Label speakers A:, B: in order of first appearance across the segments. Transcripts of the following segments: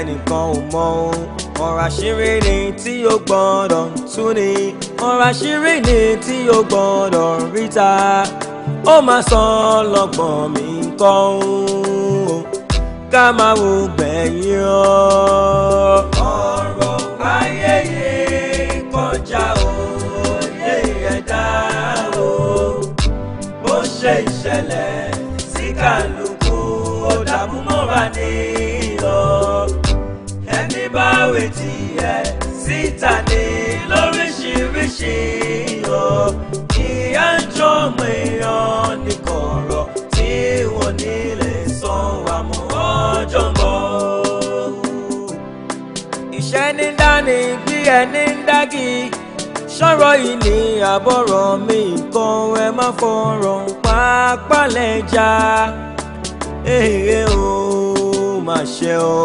A: ẹnìkan ò mọ ohun ọ̀rọ̀ àṣírí ni tí o gbọ́dọ̀ tú ni ọ̀rọ̀ àṣírí ni tí o gbọ́dọ̀ ríta ó máa sọ ọlọ́gbọ́n mi kọ́ ohun ká máa wo gbẹ̀yìn ọ́. ọ̀rọ̀ ayẹyẹ kọjá òye ẹ̀dá o bó ṣe ìṣẹ̀lẹ̀. ní gbí ẹni ń dági sọ̀rọ̀ ìní àbọ̀rọ̀ mi kan ẹ má fọ̀rọ̀ pápá lẹ́jà èèrè ó mà ṣe o.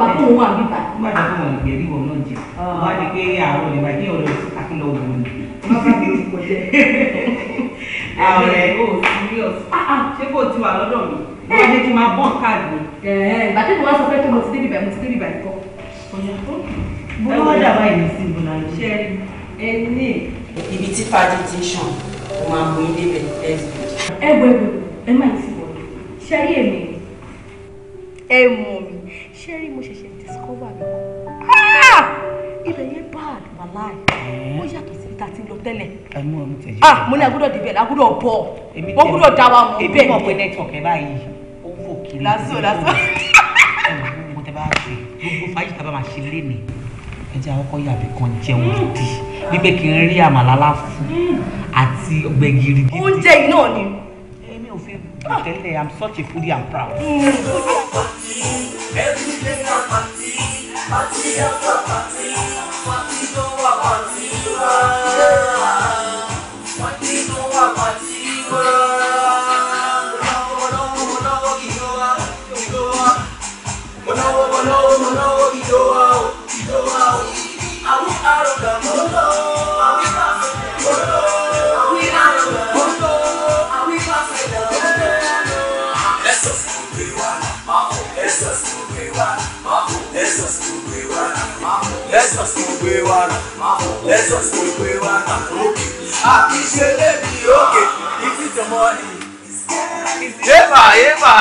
B: gbà tó ń wà níta. nígbà tó ń wọ̀n ìgbẹ́ bí wọn náà jẹ ah. wá di pé àwọn olè máa dé ọ̀rọ̀ síta kí lọ wò ni. ààrẹ o serious ah, ah, ṣé kò ti wà lọ́dọ̀ mi wọ́n ní kí n máa bọ́n káàdì. ìgbà tí mo wá sọ pé kí mo ti débi báyìí mo ti débi báyìí kọ́. bọ́lá wá dàbá ìlú sí ìbò náà ṣe é ní. ibi tí fàájì ti mo máa mú ilé bẹ̀ ẹ̀ ẹ̀ gbẹ̀gbẹ̀ ẹ má ì sí wọ̀ ṣe ayé mi ẹ mọ̀ ṣé rí mo ṣẹ̀ṣẹ̀ discover mi ah! ibẹ̀ yẹn bad wàláì eh? ó yàtọ̀ sí ta ti lọ tẹ́lẹ̀ ẹmu ah mo ní agbọ́dọ̀ dìbẹ̀ agbọ́dọ̀ bọ̀ wọ́n gbọ́dọ̀ dá wa mọ̀ bẹ́ẹ̀ èmi mọ̀ pé network ẹ báyìí ó ń fò kiri lásán lásán ẹmu mo tẹ bá ṣe gbogbo fàájì tá a bá máa ṣe lé ní ẹ jẹ́ àkọ́kọ́ yàbí kan jẹun dì bí pé kí n rí àmàlà láfún hmm. àti ọ̀gbẹ̀gìrì gidi oúnjẹ yìí náà ni I tell you, I'm such a foodie, I'm proud. Mm.
A: Jesus gbé wa rà Jesus gbé wa rà òkè
B: àfiṣe lébi òkè ìfìtọ̀mọ́ ni. Eva Eva.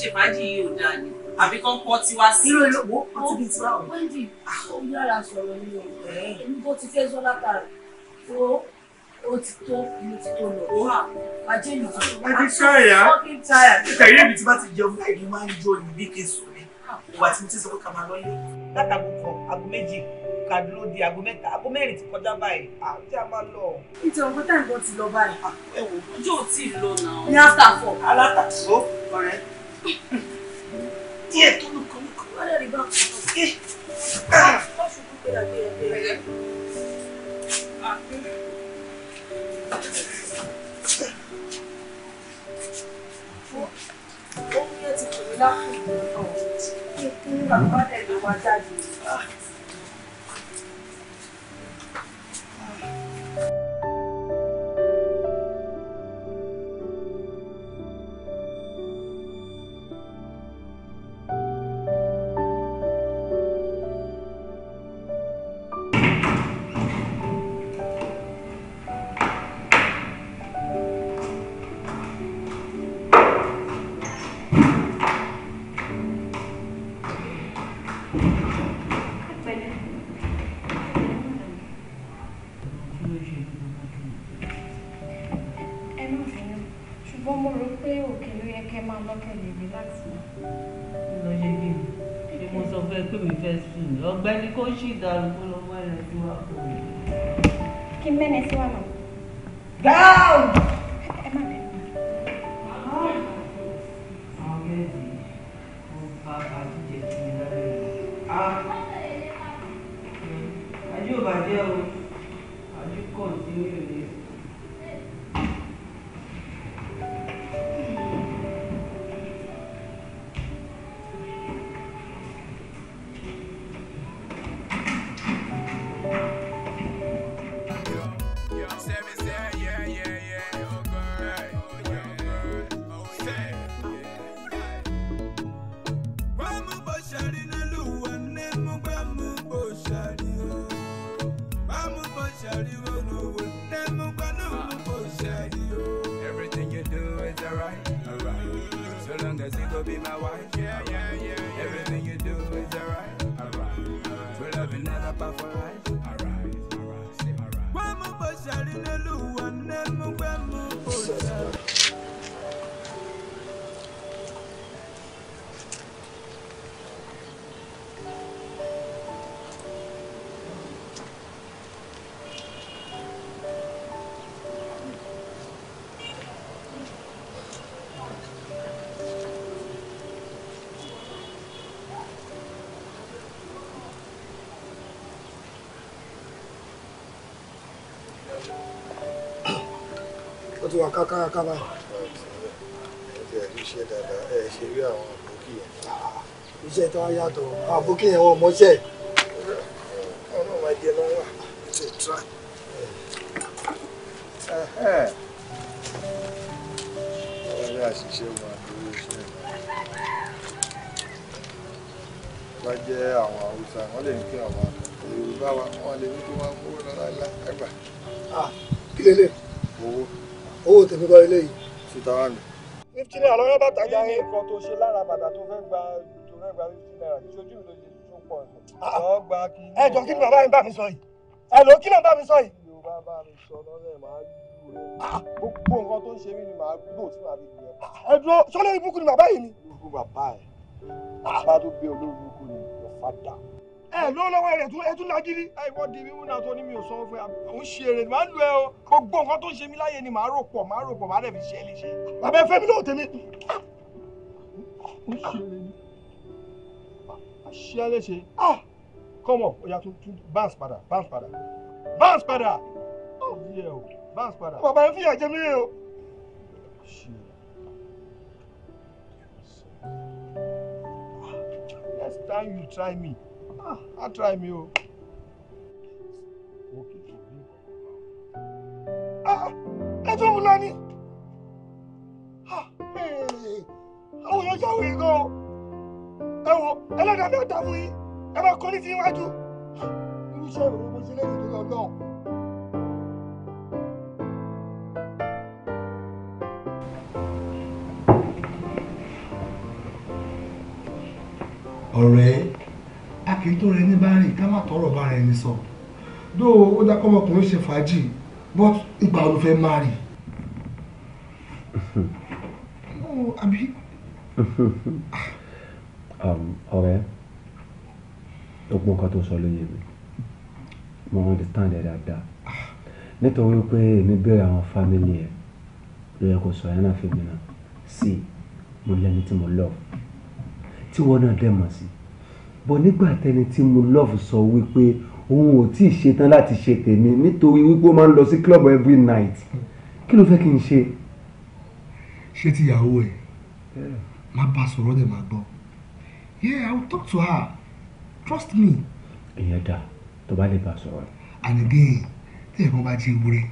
B: ṣe fàájì yìí dáa ni àbí kán pọ́ tiwa sí. irú ilé wo ọtí bíi tiwa o. wendy ó ah. yára sọ̀rọ̀ ni o èmi bó ti fẹ́ sọ látara tó ó ti tó ìlú ti tó lọ. wà á jẹ́ ìlú tó lọ. ẹni tí ó yà á nítorí èmi tí bá ti jẹun láì ní máa ń jó ìlú bí kí n sùn ni ah. ìwà tí mo ti sọ pé ká máa lọ lé. látàgò kan aago méjì ká di aago mẹ́ta aago mẹ́rin ti kọjá báyìí àti a máa lọ. ìtàn ọkọ táyìnbọn ti lọ báyìí. Ah, ẹ wò ojú ò tí ì lọ náà. ní àtàfọ̀. alátàfọ̀ ọ̀rẹ́ díẹ̀ tó lù kàn lùkàn wálé rí bá kàn lókè má ṣubú gbéragbé ẹgbẹ́ rẹ̀. Oúnjẹ ti kò ní lápò. wà kákáraká
A: iṣẹ́ tó wá yàtọ̀ àbókí yẹn wọ́n
B: mọ́ṣẹ́. Ọlọ́run jẹ́ àwọn Haúsá wọ́n lè ní kí àwọn Yorùbá wa wọ́n lè ní kí wọ́n kó lọ́la ẹgbà. Ah, kí lélẹ̀? eléyìí. sùtà wà nù. fifty naira lọ́yọ́ bàtà já yín. nǹkan tó ṣe lára bàtà tó fẹ́ gba tó fẹ́ gba fifty naira ìṣojú mi ló ṣe
A: tó pọ̀ jù. Ah, ah. ẹ jọ kí ni bàbá mi bá mi sọ yìí ẹ lọ kí ni bàbá mi sọ yìí. yorùbá bá mi sọ lọ́rẹ̀ máa lù ah, gbogbo nǹkan
B: tó ń ṣe mí ni màá lò tí màá fi lù ẹ dúró sọlẹ́ ibùkún ni bàbá yìí ni. ibùkún bàbá ẹ̀ bá tó gbé olórí ibùkún ni ọ̀fadà ẹ ló lọ́wọ́ rẹ̀ ẹ tún lágídí. ẹ wọ́n di mi múná tó ní mi ò sanwó fún ẹ òun ṣe èrè màá lu ẹ o gbogbo nǹkan tó ń ṣe mí láyé ni màá rò pọ̀ màá rò pọ̀ màá dẹ̀ fi ṣe é léṣe. bàbá ẹ fẹ́ mi lóò tèmi. ó ṣe èrè ni àṣẹ léṣe kọ́mọ̀ ó ah! yà tún tún bounce padà bounce padà bounce padà yẹ o bounce padà. bàbá ẹ fìyà jẹ mí o. next time you try me ah á try me, o. Ah, tó ń lọ ni àwọn èèyàn jáwé gan o ẹ wo ẹlẹ́dàá da ta fún yín ẹ máa kọ́ ní ti iwájú irú iṣẹ́ ìròyìn mo ṣe lẹ́yìn tó lọ náà. ọ̀rẹ́ kì í tó rẹ ní bá rìn ká má tọrọ bá rẹ ní sọ dó ó dá kọ́mọkùnrin ṣe fàájì but ìgbà ló fẹ́ má rì. Oh, àbí. Um, ọ̀rẹ́ ogun nǹkan tó sọ ló yé mi mo understand ẹ dáadáa nítorí pé èmi bẹ̀rẹ̀ àwọn fámìlì ẹ̀ ló yẹ kó sọ ẹ̀ náà fi mi náà sí mo lẹ́ni tí mo lọ tí wọ́n náà dẹ̀ mọ̀ sí i bọ̀ nígbà tẹni tí mo love sọ wípé òun ò tí ì ṣetán láti ṣe tèmi nítorí wípé ó máa ń lọ sí club every night kí ló fẹ́ kí n ṣe. ṣé tìyàwó ẹ máa bá sọ̀rọ̀ dẹ̀ máa gbọ́ yeah i will talk to her trust me.
C: èèyàn dà tó bá lè bá sọ̀rọ̀.
B: and again tí ẹ̀gbọ́n bá jẹ́ ewúrẹ́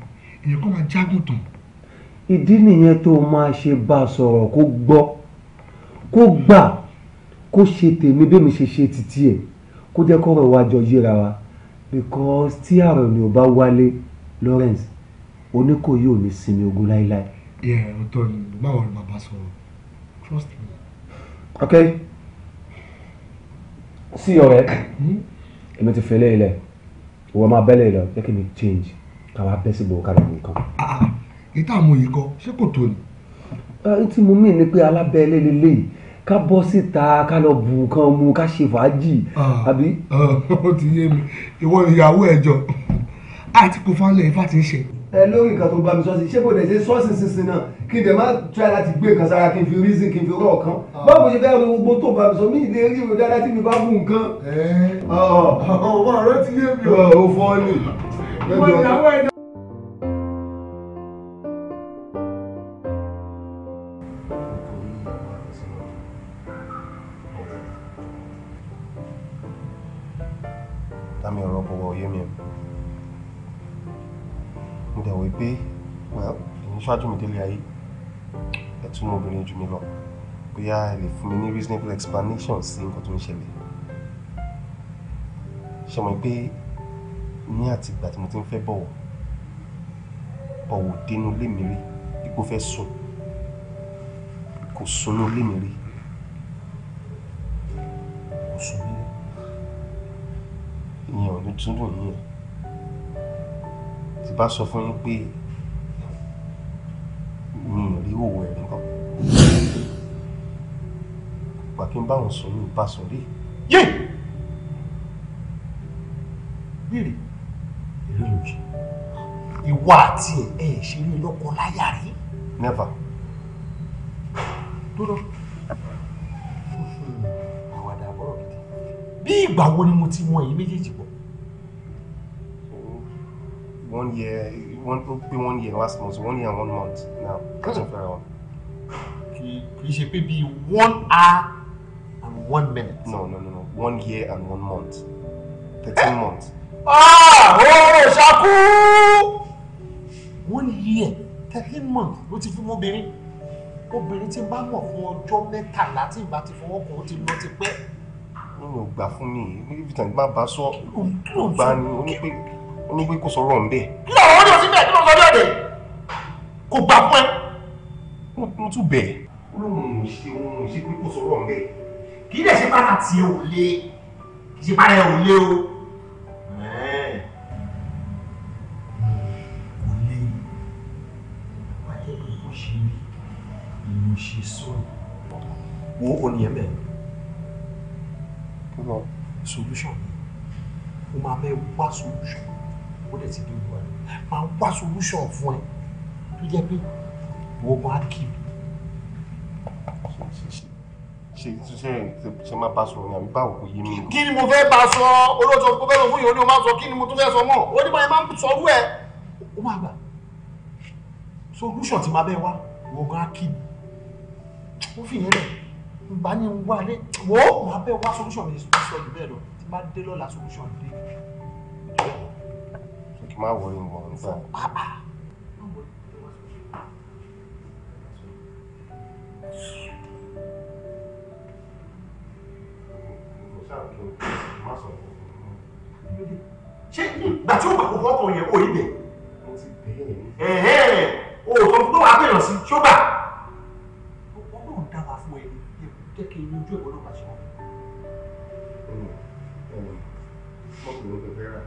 B: èèyàn kan máa jágùn tán. ìdí nìyẹn tó máa ṣe bá a sọ̀rọ̀ kó gbọ́ kó gbà kó ṣe tèmi bí mi ṣe ṣe títí ẹ̀ kó jẹ́ kọ́rọ̀ wa jọ yíra wa because tí àrùn ni ò bá wálé Lawrence Oníkòyí ò ní sinmi ogun láíláí. ẹ ẹ ọ̀tọ̀ ni báwo ni bàbá sọ̀rọ̀ trust me. ok sí ọ̀rẹ́ hmm? èmi ti fẹlẹ ilẹ ìwọ máa bẹlẹ ilẹ jẹ́ kí mi change káwa bẹ síbò kára mi kan. ìta àmúyí kọ ṣé kò tó ni. ẹ ti mú mi ní pé alábẹ́ẹ́lé lélẹ́yìí ká bọ́ síta ká lọ bù nǹkan mu ká ṣe fàájì ah, àbí. Ah, ó ti yé mi ìwọ ìyàwó ẹ jọ àti kò fánlẹ̀ ifá ti ń ṣe. ẹ lórí nǹkan tó bá mi sọ́ọ̀sì ṣé kò dẹ̀ ṣe sọ́ọ̀sì sísìn náà kí n dẹ̀ máa try láti gbé nǹkan sára kí n fi reason kí n fi rọ̀ kan ah. báwo ṣe fẹ́ ro gbogbo tó bá mi sọ mí ìdè rí ìròyìn dáadáa tí mi bá mú nǹkan. ọ̀ọ́ ọ̀ọ́ ọ̀rẹ́ ti yé mi. ọ̀ọ́ ò fọ́ ni. ìwọ ìyàwó ẹ ṣáájú mi délé ayé ẹ tún mú obìnrin jù mí lọ bóyá ẹ lè fún mi ní reasonable explanation sí nǹkan tó ń ṣẹlẹ̀ ṣe mọ̀ pé ní àtìgbà tí mo ti ń fẹ́ bọ̀wọ̀ bọ̀wọ̀ dénú lé ipò fẹ́ sùn kò sunú lé kò sùn mí ìyẹn ò ní túndùn yín tí bá sọ fún yín pé. kí n bá wọn sọ̀rọ̀ bá sọ̀rọ̀ yé bèrè èrè lòdì ìwọ àti ẹ ẹ ṣe ní lọ́kọ láyà rí. never. dúró àwàdà àbọ̀rọ̀ gidi bí ìgbà wo ni mo ti wọn èyí méjèèjì pọ̀. one year one ó pé one year last month one year and one month now. kí kì í ṣe pé bíi one hour One minute. No, no, no, no. One year and one month. Thirteen ah! months. Ah! Oh, Shaku! One year, thirteen months ló ti fún obìnrin. Obìnrin ti bá mọ̀ fún ọjọ́ mẹ́tàlá tí ìgbà ti fọwọ́ kàn ó ti lọ ti pẹ́. Wọ́n yóò gbà fún mi ní ibi tàn gbà bá sọ. gbà ní onípe onípe kò sọ̀rọ̀ ńbẹ̀. Kí ló wọ́n ní òsín bẹ́ẹ̀ kí ló sọ ní ọ̀dẹ̀? Kò gbà fún ẹ. Mo tún bẹ̀. Olóhùn ṣe òun ṣe pé kò sọ̀rọ̀ ńbẹ̀ kì í dẹ̀ ṣe para tiẹ̀ ò le kì í ṣe para ẹ̀ ò le o. Hmm, kò le wá jẹ́ pé bó ṣe rí ìlú ṣe sọ̀rọ̀ wo oníyẹn bẹ́ẹ̀ lọ solution o máa mẹ́ wá solution ó dẹ̀ ti dúró ẹ̀ máa wá solution fún ẹ tó jẹ́ pé wọ́n máa kì í ṣe ṣe ṣe máa bá sọ̀rọ̀ ní àbí báwo kò yé mi. kí ni mo fẹ́ bá sọ olóòtú kó fẹ́ sọ fún yìí ó ní o máa sọ kí ni mo tún fẹ́ sọ mọ́ ó ní báyìí máa ń sọ orú ẹ̀ ó máa gbà solution ti máa bẹ́ẹ̀ wá wọ̀gán á kì í ó fi yẹn lẹ̀ bá ní wá lé wò ó máa bẹ́ẹ̀ wá solution mi sọ jù bẹ́ẹ̀ lọ tí máa dé lọ́la solution dé. ṣé kí n máa wọ ìwọ̀n nígbà. Ah, ah. ṣé ìgbà tí ó gbà kókó ọkọ̀ yẹn kó yí bẹ̀ ẹ̀hẹ́n òòtọ́ tó wà pèèyàn sí ṣó gbà. ọlọ́run dá wa fún ẹni jẹ́ kí inú ojú ẹ̀wọ̀n náà bá ṣe wọn.
C: mọ́kùnrin ló fẹ́ rà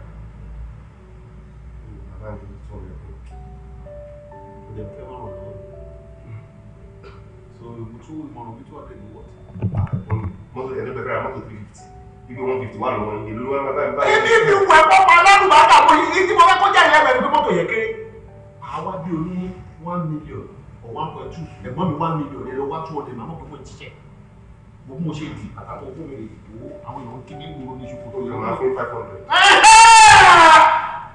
C: bàbá mi tún ọ̀rẹ́ kù kò dẹ̀ fẹ́ ràn lọ́wọ́
B: so mo tún ìmọ̀ràn mi tún wà lẹ́nu wọ̀ mọ́tò ẹ̀ẹ́dẹ́gbẹ̀rẹ́ mọ́tò three ibi one fifty one lọ́wọ́ èlò ló wá bá bá. ibi mi wẹ̀ pọ́pọ́ alárùbá kà mo yí tí mo fẹ́ kọjá ìyá rẹ̀ ni pé mọ́tò yẹ kéré. àwa bí oní one million or one point two ẹ̀gbọ́n mi one million ẹ̀rọ wá two hundred màmá pípọ̀ jíjẹ́ mo bí mo ṣe di àtàkùn fún mi ìdìbò àwọn èèyàn kí ní ìgboro ní ṣùkú tó yẹ wọn.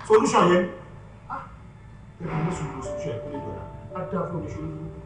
B: solution yẹn ah ẹ̀rọ mọ́sùn ló solution yẹn kó lè gbọ̀dá á dá fún oníṣòwò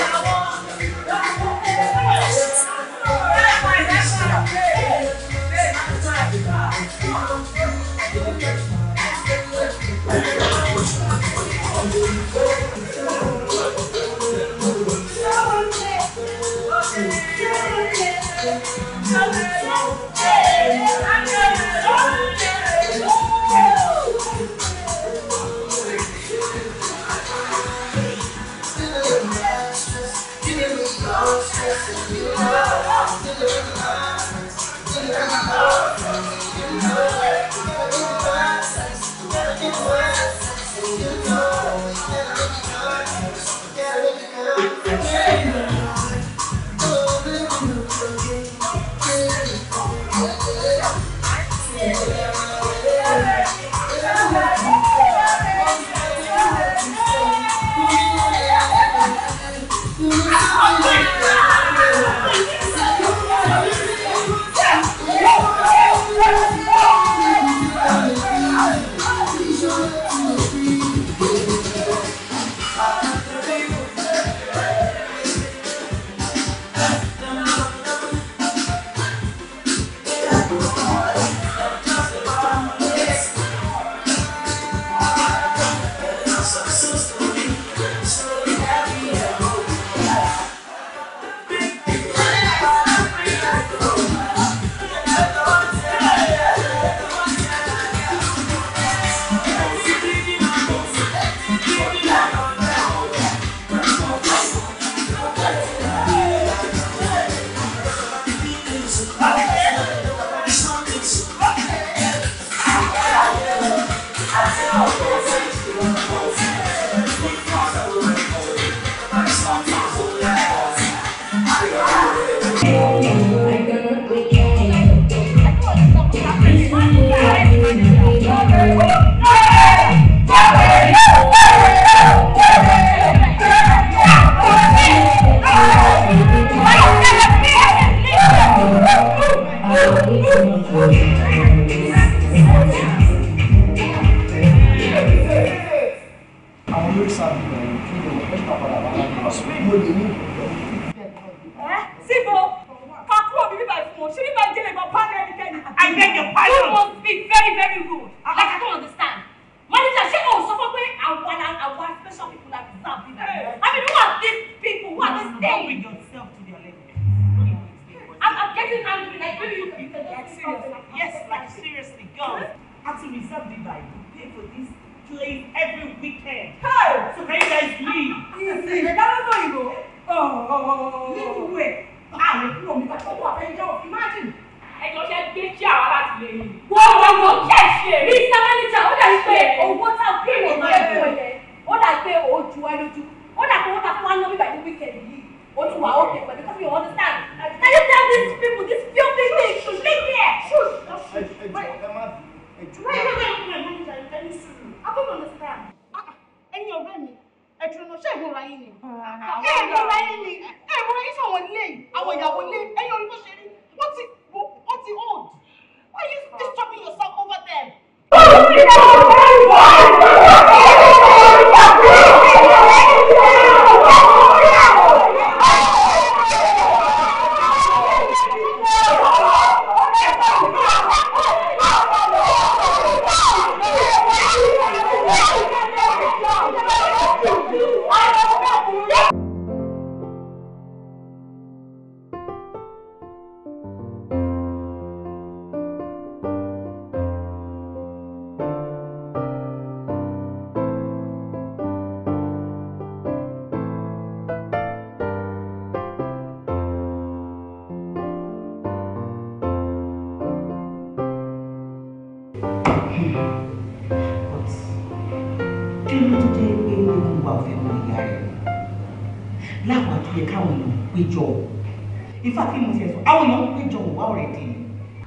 B: tí mo ti ẹ̀ àwọn èèyàn péjọ wò ọ̀rẹ́ dì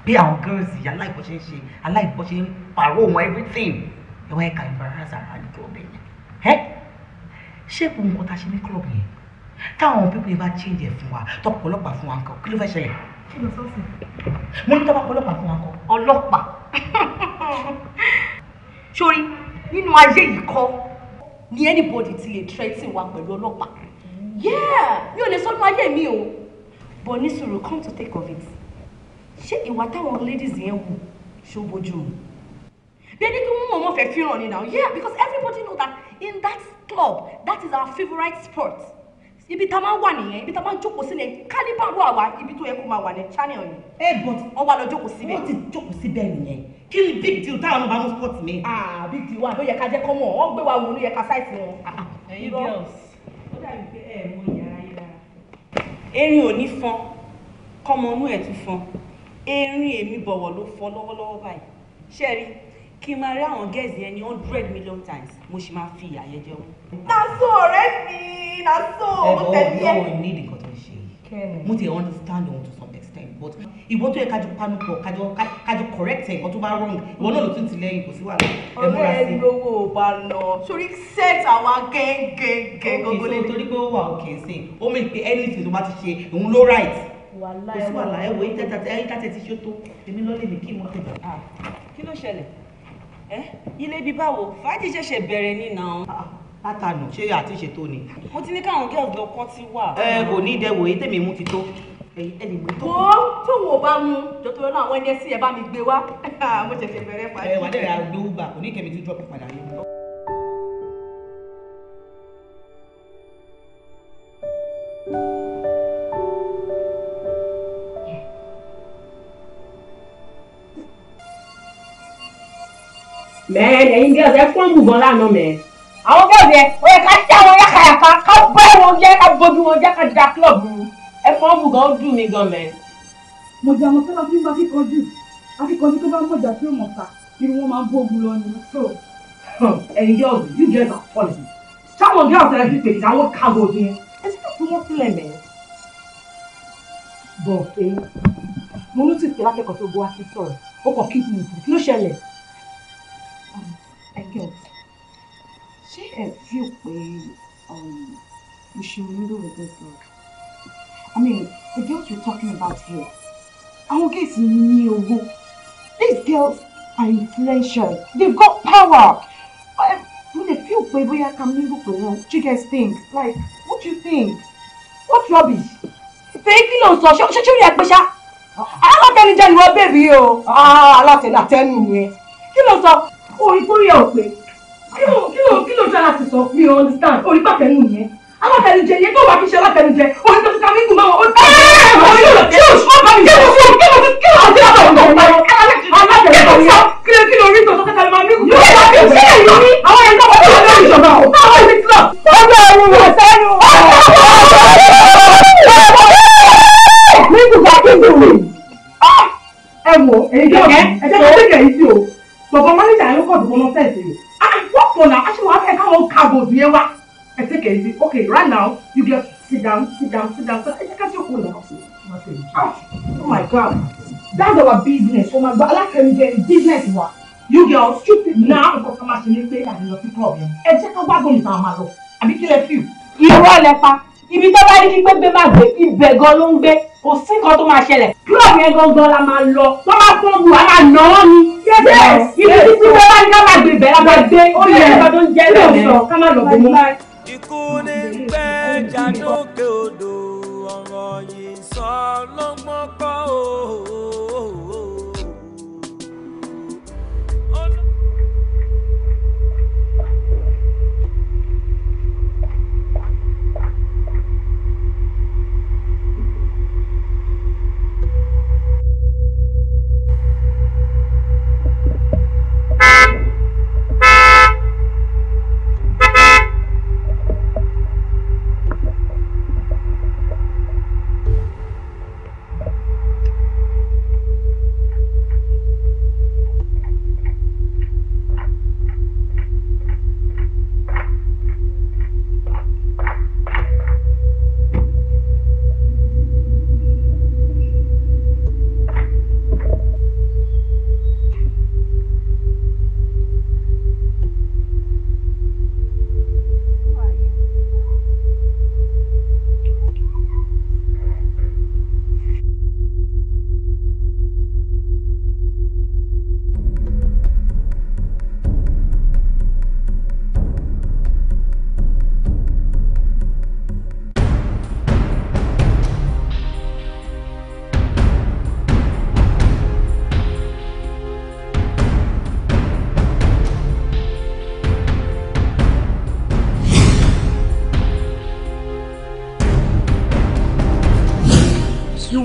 B: bí àwọn girls yìí aláìbọ̀ ṣe ń ṣe aláìbọ̀ ṣe ń pààrọ̀ wọn everything ẹ wá ẹ̀ka ìfarahàzà àdìgbò ọ̀bẹ yẹn ẹ́ ṣéèpù nǹkan tá a ṣe ní club yẹn táwọn pípé bá change ẹ̀ fún wa tọ́pọ̀ ọlọ́pàá fún wa nǹkan kí ló fẹ́ ṣẹlẹ̀ mo ní tọ́pọ̀ ọlọ́pàá fún wa nǹkan ọlọ́pàá sórí nínú ayé yìí kọ́ ni anybody ti lè threaten wa pẹ̀lú ọlọ́pàá yeah mi ò lè sọ́nù ayé mi o but ní come to take of it ṣé ìwà táwọn ladies yẹn wù ṣó bójú mu they need to mú ọmọ fẹ́ fíràn ni now yeah because everybody know that in that club that is our favourite sport ibi tá a máa wà nìyẹn ibi tá a máa jókòó sí ni kálíbà ló àwa ibi tó yẹ kó máa wà ní channel yìí. ẹ eh, but wọn wá lọ jókòó síbẹ̀. wọ́n ti jókòó síbẹ̀ nìyẹn kí ni big deal táwọn ọmọ bá mú sport mi. ah big deal wa ló yẹ ká jẹ́ kọ́mọ̀ wọ́n gbé wa wò ló yẹ ká ṣáìsì wọn. ẹ̀yin ah, ah. girls ó dàbí pé ẹ eh, mú erin ò ní fọn kọ́mọ inú ẹ̀ tún fọn erin èmi bọ̀wọ̀ ló fọ lọ́wọ́lọ́wọ́ báyìí ṣe rí kí n máa rí àwọn gẹ́ẹ̀sì yẹn ní hundred million times mo sì máa fi ìyàyẹ jẹ wọn. naso ọ̀rẹ́ mi naso mo tẹ̀lé ẹ. ẹ bọ́ ọ ní ìdíkan tó ń ṣe yìí mo ti understand ohun tó but ìwọ tó yẹ kájọ panu pọ̀ kájọ kájọ correct ẹ nǹkan tó bá wrong ìwọ náà ló tún ti lẹ́yìn kò sí wàhálà ẹ múra sí. ọ̀rẹ́ lówó ò bá lọ sórí set àwa gẹ́gẹ́gẹ́ gbogbo lè. ok so torí pé ó wà ok sí ó mì pé anything tó bá ti ṣe òun ló right kò sí wàhálà ẹ wò ó ìtẹ́tẹ́ ti ṣe tó èmi lọ́lé mi kí n mọ́ tẹ̀. Ah, kí ló ṣẹlẹ̀ ẹ ilé bíi báwo fàájì ṣẹ̀ṣẹ̀ bẹ̀rẹ̀ ní ah, ah, látànù ṣé àti ṣètò ni. mo ti ní káwọn girls lọ kọ́ ti wà. ẹ kò ní ìdẹ́wò èyí tèmi mú ti tó ẹ̀yin ẹni mú tó. wo tí wo bá mú jọtọrọ náà àwọn ẹni ẹsìn ẹ bá mi gbé wá mo ṣẹ̀ṣẹ̀ bẹ̀rẹ̀ pàdé. ẹ wà lẹ́rìí àgbẹ̀ uber kò ní kẹ́mi tún drop padà ní. mẹ́ẹ̀ lẹ́yìn bí ọ̀sẹ̀ fún ọ̀mùgàn lánàá mẹ́ẹ̀ àwọn bẹ́ẹ̀ bẹ́ẹ̀ ó yẹ ká já wọn yá ká ká bá wọn jẹ́ ká bójú wọn jẹ́ ká da club ẹ̀fọn bù gan ó dùn mí gan mẹ́. mọ̀jà mọ̀ sábà fi ń bá akíkanjú akíkanjú tó bá mọ̀jà tí ó mọ̀ ta irú wọn máa ń bóògùn lọ ni so. ẹ̀yin yóò bí you guys are funny sáwọn girls ẹ fi pèsè àwọn kágo yẹn ẹ ti fi wọn sílẹ̀ mẹ́. bọ̀ pé mo ní tìpé lákẹ́kọ̀ọ́ tó gbọ́ wá sí sọ̀rọ̀ ó kọ̀ kí n kí ló ṣẹlẹ̀. ẹ̀gẹ́ um, ṣé ẹ fi pé ìṣòro ló rẹ̀ bẹ́ẹ̀ sọ̀rọ̀. I mean, the girls we're talking about here, àwọn girls ní These girls are influential. They've got power. When they feel pé bóyá can mingle pé wọn, what you guys think? Like, what do you think? What rubbish? Fèyí kí ló ń sọ? Ṣé ṣé ìyá gbé ṣá? Alátẹnijẹ ni wọ́n bèbí o. Ah, Alátẹnu àtẹnu nìyẹn. Kí ló sọ? Orin tó yẹ ò pé. Kí ló kí ló kí ló ṣe láti sọ? Mi ò understand. Orin pàtẹ́nu nìyẹn. Alátẹnujẹ yẹ kó wá kí ṣe alátẹnujẹ. Ma'am, that's our business. my God, I alákẹ́rìnjẹ ní business wa. You girls, stupid Now Náà àwọn kan máa ṣe ní pé àyìnlọ sí problem. Ẹ check ká wá gbòmìnì táwọn máa lọ. Àbí kí lẹ fi? Irọ́ lẹ pa. Ibi tó bá rí kí gbégbé máa gbé ibẹ̀ gan ló ń gbé. Kò sí nǹkan tó máa ṣẹlẹ̀. Club yẹn gangan la máa lọ. Wọ́n máa fún ọgbù ara náà ni. Ibi tí tí wọ́n bá ní ká máa gbé ibẹ̀ la máa gbé. Ó yẹ ẹ̀ka tó ń jẹ́ lẹ́yìn. Ká má lọ bò mú.
A: Ikú ní pẹ́ jàdókè odò ọ̀rọ̀ yìí sọ lọ́gbọ́n kọ́ o.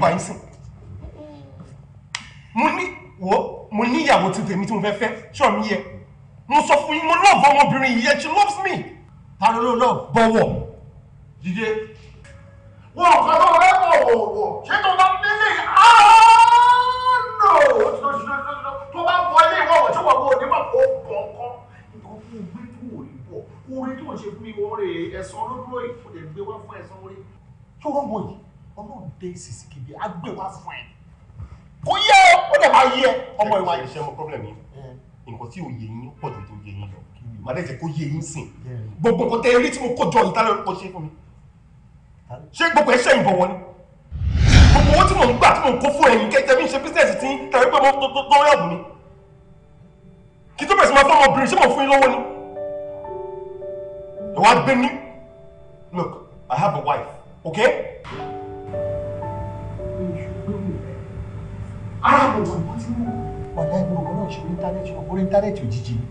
B: báyìí sìn mo ní wo mo ní ìyàwó tuntun èmi tí mo fẹ́ fẹ́ jẹ́ kó yé yín sìn gbogbo nǹkan tẹ eré tí mo kó jọ ìtàlẹ́ orúkọ ṣe fún mi ṣé gbogbo ẹṣẹ́ ìbọn wọn ni gbogbo owó tí mò ń gbà tí mò ń kó fún ẹ̀yìn kẹ́tẹ́ mi ṣe bísíǹsì tí tẹ̀wé pé mo tó tó yọ̀bù mi kí tó bẹ̀rẹ̀ sí máa fọ́ ọmọbìnrin ṣé mo fún yín lọ́wọ́ ni ìwà gbé ní look I have a wife okay. ara mo wà ní wọ́n ti mú náà ṣe orí íńtánẹ́ẹ̀tì òjijì ni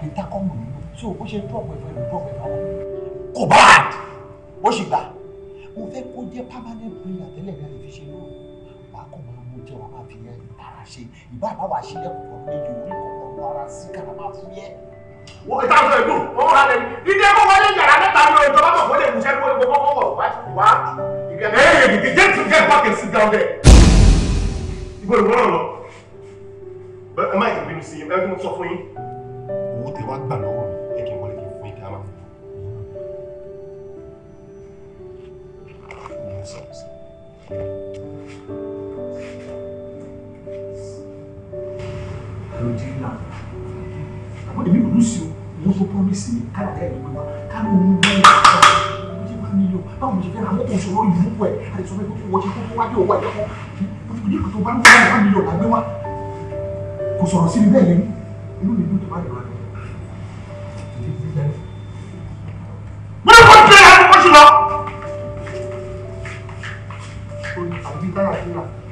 B: pé tákọ́mù nínú so bó ṣe drop ẹ̀fọ́ ìlú drop ẹ̀fọ́ àwọn kò bá a bó ṣe gbà mo fẹ́ kó jẹ́ permanent prayer tẹ́lẹ̀ rẹ̀ fi ṣe lóru wàá kọ́ máa mú jẹ́ wàá fi yẹ ìtara ṣe ìbá àbá wàá ṣe lẹ́kọ̀ọ́ méje orí kọ̀ọ̀kan ara sí kàrà máa fún yẹ. wọ́n ti táwọn ẹ̀dùn wọ́n múra lẹ́nu ìdí ẹ̀kọ́ wọlé yàrá mẹ́ta ní ọjọ́ bá bọ̀ lẹ́nu iṣẹ́ gbogbo gbogbo wọ̀ wá wá ìgbẹ́mẹ́ ẹ̀yẹ̀ dìde jẹ́ tún jẹ́ pàkẹ́ sí down there. ìgbò ìgbọ́n lọ ẹ themselves. Ẹ̀rọ jẹ́ ìlànà. Àmọ́ èmi ò lùsí o, mo tó promise mi káàdì ẹ̀ ló wá, káàdì òun bá wà. Mo jẹ́ máa nílò, báwo mo ṣe fẹ́ ra mọ́kò ìṣòro ìlú pọ̀ ẹ̀, àti sọ pé kókó wọ́n ṣe kókó wájú ọ̀wá ìjọba. Mo ti kò tó bá ń wá ìwà mi lọ lágbé wá. Kò sọ̀rọ̀ sí mi bẹ́ẹ̀ yẹn, inú mi dùn tó bá dùn rẹ̀. Mo ní kó tẹ̀lé àti kó ṣùgbọ́n. 班
C: 长。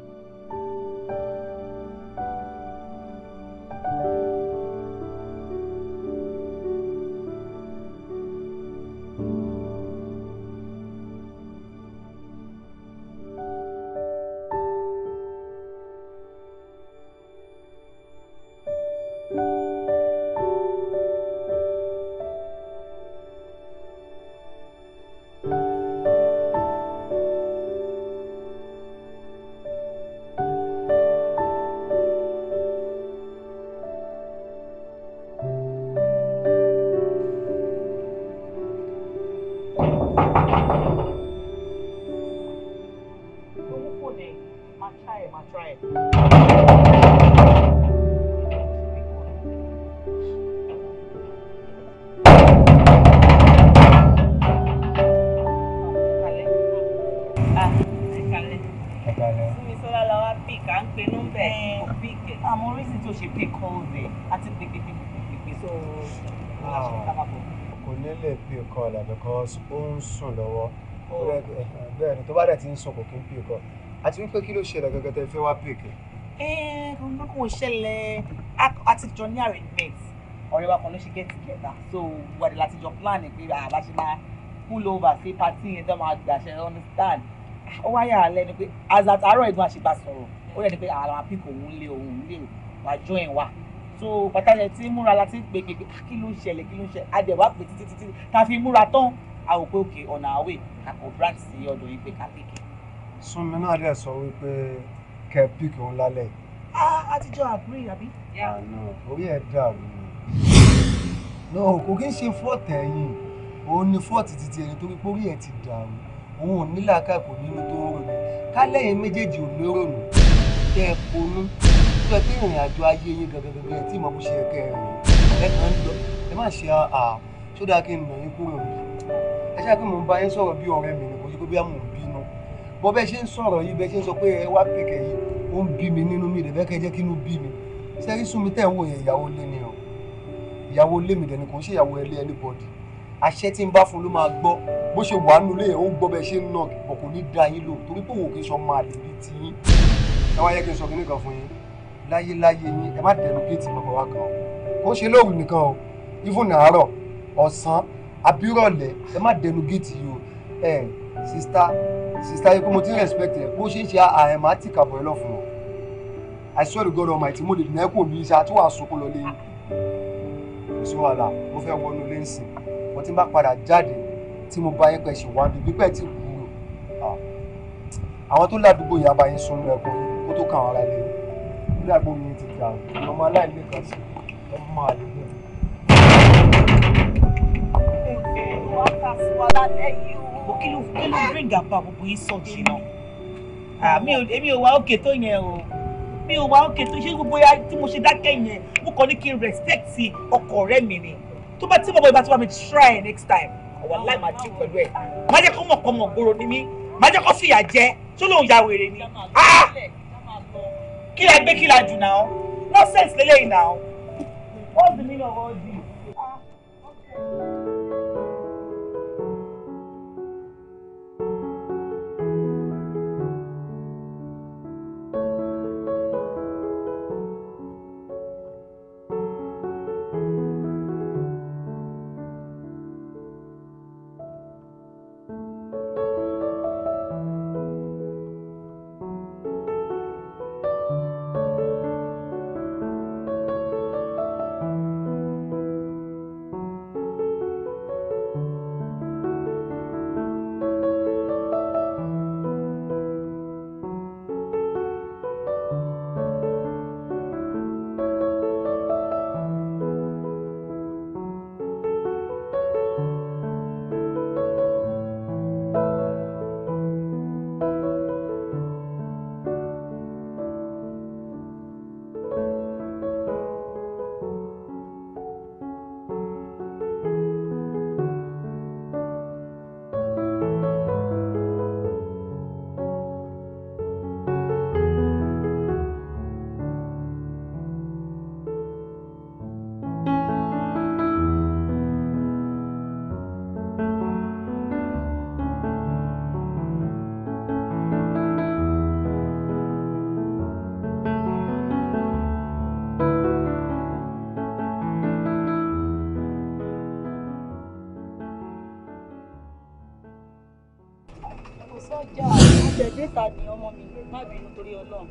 A: Súnmisọ́lá
B: la wá pick à ń pe nọ́mbà ẹ̀ kò pick ẹ̀. Àmọ́ reason tó ṣe pé calls because ó ń sùn lọ́wọ́ oh. bẹ́ẹ̀ ni tó bá dẹ̀ ti ń sùn kò kí ń pay call àti wípé kí ló ṣẹlẹ̀ gẹ́gẹ́ tẹ́ fẹ́ wá pick ẹ̀. ẹ ẹ kò ṣẹlẹ̀ àtijọ́ ní arrangement ọ̀rẹ́ wa kan ló ṣe get together so wàdí láti jọ plan pé àbá ṣe máa pull over sí party yẹn tó máa gbàṣẹ understand ó wáyà alẹ́ ni pé azàtàárọ̀ ẹ̀gbọ́n àṣìgbà sọ̀rọ̀ ó yẹ ni pé àwọn àpíkò òun lé òun lé wàá join wa so pàtàkì tí múra la ti ń pè pé ah, kí ló ń ṣẹlẹ̀ kí ló ń ṣẹlẹ̀ adẹ̀wà pè títí títí ta fi múra tán a ò pé òkè ọ̀nà àwẹ̀ kakọ̀ branch sí ọ̀dọ̀ yìí pé ká pèkè. súnmi náà dẹ̀ sọ wípé kẹ pík òun lálẹ́. a ti jọ àbúrò àbí. àná orí ẹ̀ dàrú ni. no kò kí ń ṣe fọ́ọ̀tẹ̀ yìí òun ni fọ́ọ̀tì títí ẹni torí pé orí ẹ̀ ti dàrú òun ò ní làákàyè kò nínú tó ń rònú kálẹ̀yìn méjèèjì ò ní rònú tẹ́ ẹ ponú tó ẹ pé ìrìn àjò ayé yín gàgàgàgà ẹ tí mo bó ṣe kẹ ẹ rìn ẹ kàn ń lọ ẹ má ṣe à sódà kí n nà yín kúrò mi ẹ ṣáà pé mò ń bá yín sọ̀rọ̀ bí ọ̀rẹ́ mi nìkan yìí pé bíyà mò ń bínú bọ́ bẹ́ẹ̀ ṣe ń sọ̀rọ̀ yìí bẹ́ẹ̀ ṣe ń sọ pé ẹ wá pèkẹ́ yìí ó ń bí mi nínú mi ìdẹ̀fẹ́ kẹ́ jẹ́ kí inú bí mi ṣé rí sún mi tẹ̀ ń wò yẹn ìyàwó lé ni o ìyàwó lé mi dẹ̀ ni kò ń ṣe ìyàwó ẹlé ẹni bọ̀dì àṣẹ tí ń bá fún ló máa gbọ́ bó ṣe wà nílé ẹ̀ ó ń gbọ́ bẹ́ẹ̀ ṣe ń nà bọ̀ kò ní da yín lò torí pé òun kì í sọ máa lè bí ti yín. ẹ wá yẹ kí n sọ kí nìkan fún yín láyéláyé yín ẹ má dẹnu géètì bàbá wa kan kó ṣe lóòrùn nìkan o even àárọ̀ ọ̀sán abírọ̀lẹ̀ ẹ má dẹnu géètì yìí o ẹ sista sista yìí pé mo ti respect ẹ bó ṣe ń ṣe àìmá tì kàbọ̀ ẹ lọ fún ọ I swear to God Almighty mo lè dìnnà ẹ kò ní iṣẹ́ àti wàá sunkún lọ lẹ́yìn kò sí wàhálà mo fẹ́ wọnú lẹ́yìn bọ́ tí n bá padà jáde tí mo bá yín pẹ̀ ṣì wá bí pípẹ́ tí kú lò àwọn tó ládùúgbò yìí abá yín sunú ẹ̀kọ́ kó tó kàn ara ilé ilé àgbo mi ti dà ọmọ aláìlé kan sí ọmọ àlejò. mo kí ló kí ló bring about gbogbo yín sọ̀jì náà ah, èmi ò wá òkè tó yẹn o mi ò wá òkè tó ṣé gbogbo ya tí mo ṣe dákẹ́ yẹn mo kàn ní kí n respect ọkọ rẹ mi ni tó bá tí bọ̀bọ̀ ìbá tí wàá mi try next time ọ̀wọ̀ láì máa jí pẹ̀lú ẹ̀ má jẹ́ kó mọ̀ kọ́ mọ̀ gbòòrò ni mí má jẹ́ kó fìyà jẹ tó lóun ya wèrè ni ah! kí la gbé kí la jù náà nonsense lélẹ́yìn náà what's the meaning of all this. Ah, síta ni ọmọ mi má bínú torí Ọlọ́run.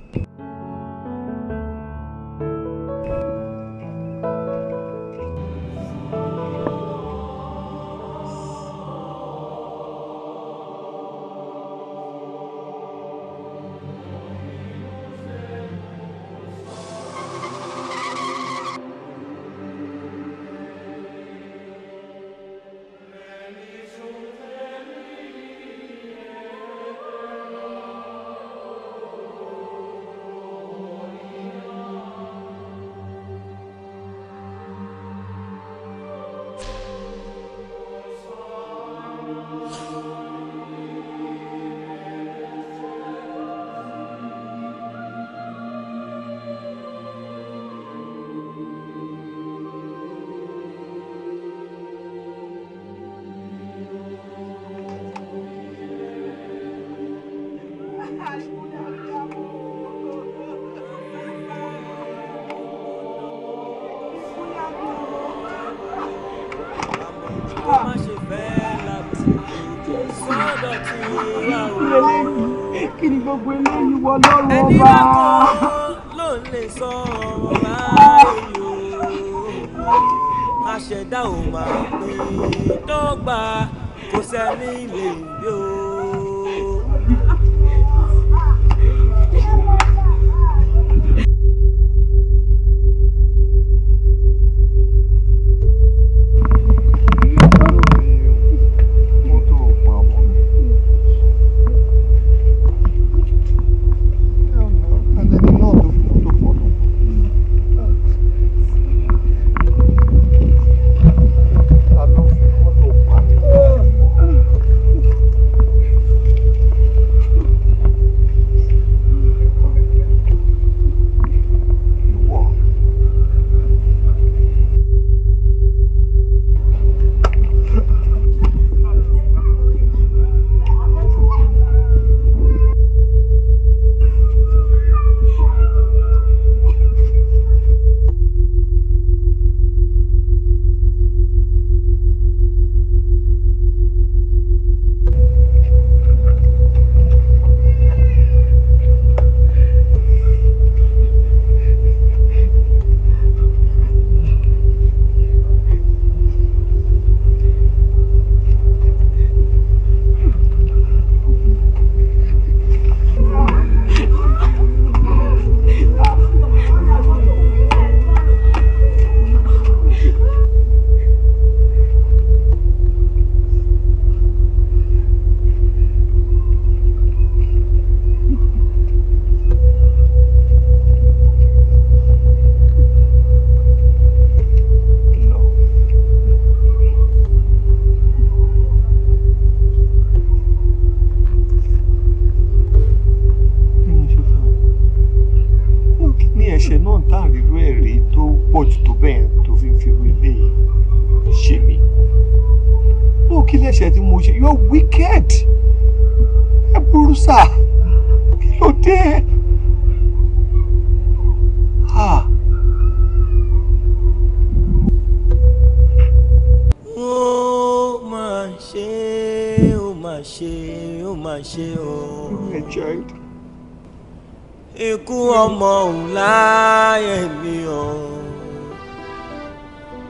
A: láyé mi ọ̀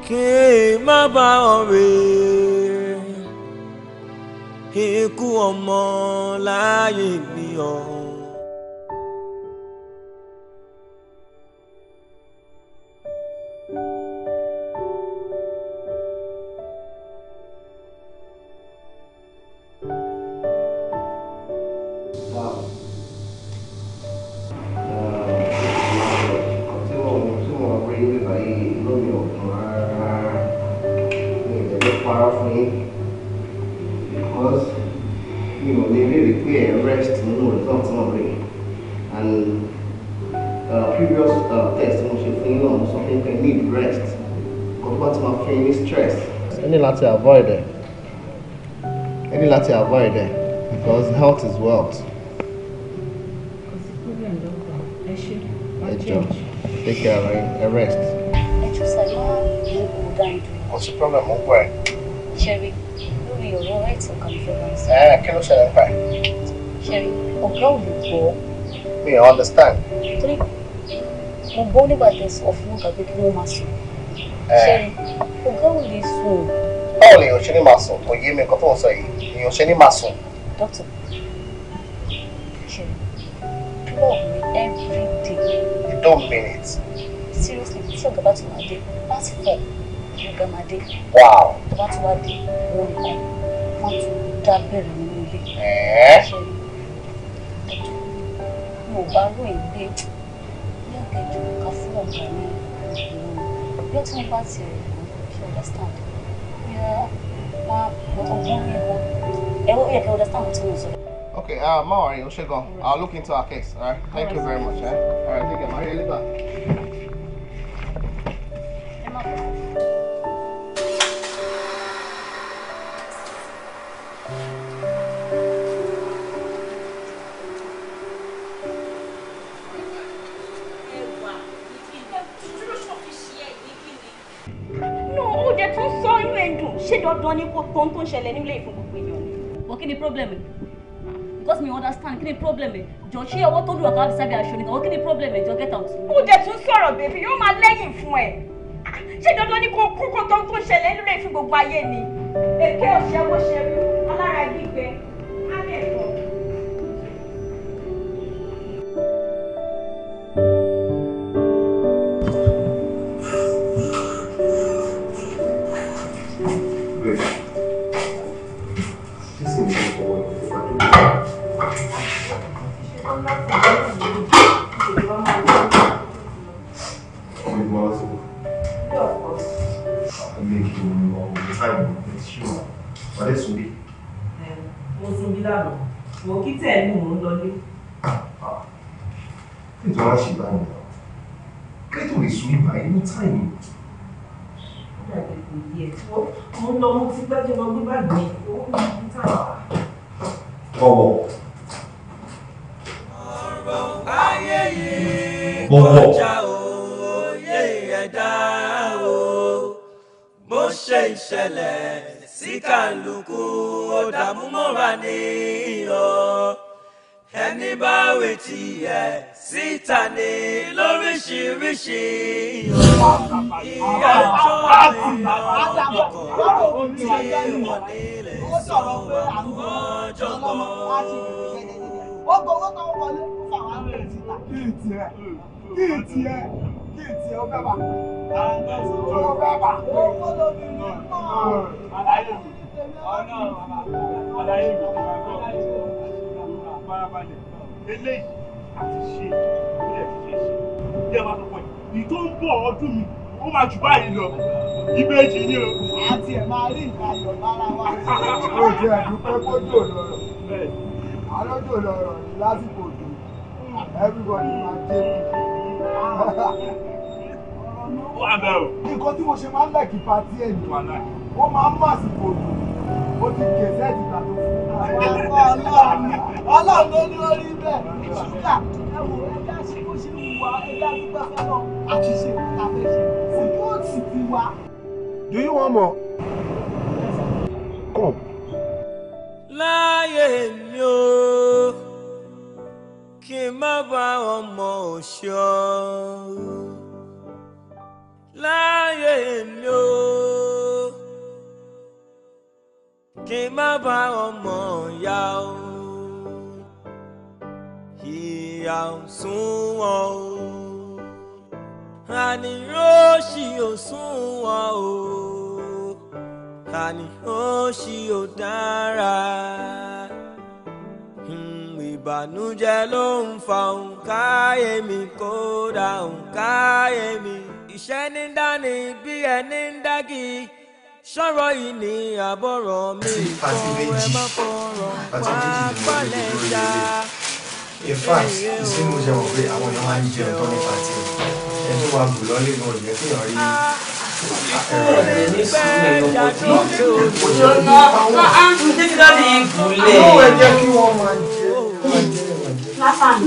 A: kí n má bá ọ rè é ikú ọmọ láyé mi ọ̀.
B: láti avoid ẹ̀ ẹ ní láti avoid ẹ̀ because health is wealth. ẹ jọ
A: take care of it rest.
B: ẹ jọ sàlẹ̀ wọn ní ìlú problem ń pẹ́. ṣẹ́rí lórí ọ̀rọ̀ right to conference. ẹ eh, kí ló ṣẹlẹ̀ ń pa ẹ̀. ṣẹ́rí ọ̀gá ò lè gbọ́. mi ò understand. torí mo gbọ́ nígbà tẹ̀sán ọ̀fun ọ̀gá pé kí wọ́n máa sùn. ṣẹ́rí eh. ọ̀gá ò lè sùn báwo lèèyàn ṣe ní máa sùn kò yé mi nǹkan tó ń sọ yìí èèyàn ṣe ní máa sùn. dókítà ṣe plug me every day. you don't mean it. seriously tí ọ̀gá bá ti máa dé láti fọ̀ ọ̀gá máa dé. wow. tó bá ti wá dé wọn nìkan wọn tún dá bẹ̀rẹ̀ nínú ilé. ẹ̀ẹ́. ṣe mo bá ròyìn pé ní ọ̀gá ìjọba ká fún ọ̀gá ní ìlú bí ó ti ń bá ti rẹ̀ ṣe understand. Okay, uh, Ma, you're go. I'll uh, look into our case, alright? Thank you very much, eh? Alright, take care, Maria. tó ń tó ń ṣẹlẹ̀ nílé ìfún gbogbo èèyàn ni. wọ́n kí ni problem ah, because mi understand kí ni problem ẹ̀ jọ ṣé ọwọ́ tó lùwà káwá fi sábẹ́ aṣọ nìkan wọ́n kí ni problem ẹ̀ jọ get out. kò dẹ̀ tún sọ̀rọ̀ bèbí yóò máa lẹ́yìn fún ẹ̀ ah, ṣé dandan ni kò kókó tó ń tó ń ṣẹlẹ̀ nílé ìfún gbogbo ayé ni. èké ọ̀ṣẹ́ wọ́ṣẹ́ alára gbígbẹ ti mm, mm, mm. kí n ti kí n ti ẹ ó bẹ́ bà ó bẹ́ bà. tó ń bọ̀ ọdún mi ó máa jù báyìí lọ ìbejì ni o. àti ẹ̀ máa rí nǹkan ayọ̀ lára wa. ó jẹ́ àdúpẹ́ kó jò lọ́rọ̀ àlọ́ jò lọ́rọ̀ lásìkò everybody ma dé mi. nǹkan tí mo ṣe máa ń láìkí patí ẹ̀ nìyí ó máa ń mà sí fòdù ó ti gẹ̀ẹ́sẹ̀ ti ta tó fún un. ọlọ́run ló ní orí bẹ́ẹ̀ ṣúgà ẹ wò ó dá sí bó ṣe ń wà ẹ dá dúpẹ́ fẹ́ràn àti ṣe tàbí ṣe ojú sì ti
A: wá. Do you want more? Come. láyé mi ooo kí n má bá wọn mọ òṣìọ́ láyé mi ó kí n má bá wọn ìyá ó ìyá ò sún wọn ó àníyóòṣì ò sún wọn ó àníyóòṣì ò dára ìbànújẹ́ ló ń fa òǹkà èmi kódà òǹkà èmi. ìṣẹ́ ní dání bí ẹni ń dági sọ̀rọ̀ yìí ni àbọ̀rọ̀ mi kọ́ ẹ má fọ̀rọ̀ pápá lẹ́jà. in fact ìsín mo ṣe mọ̀ pé àwọn èèyàn máa ń jẹun tó nípa tí ẹni tó wà lọ́lé náà yẹ kí èèyàn rí ah, ẹ̀rọ ẹ̀ ní sílẹ̀ lọ́pọ̀ tí ti ń pọ̀ jù. àwọn
B: ẹ̀jẹ̀ kí wọ́n máa jẹ. Lásán.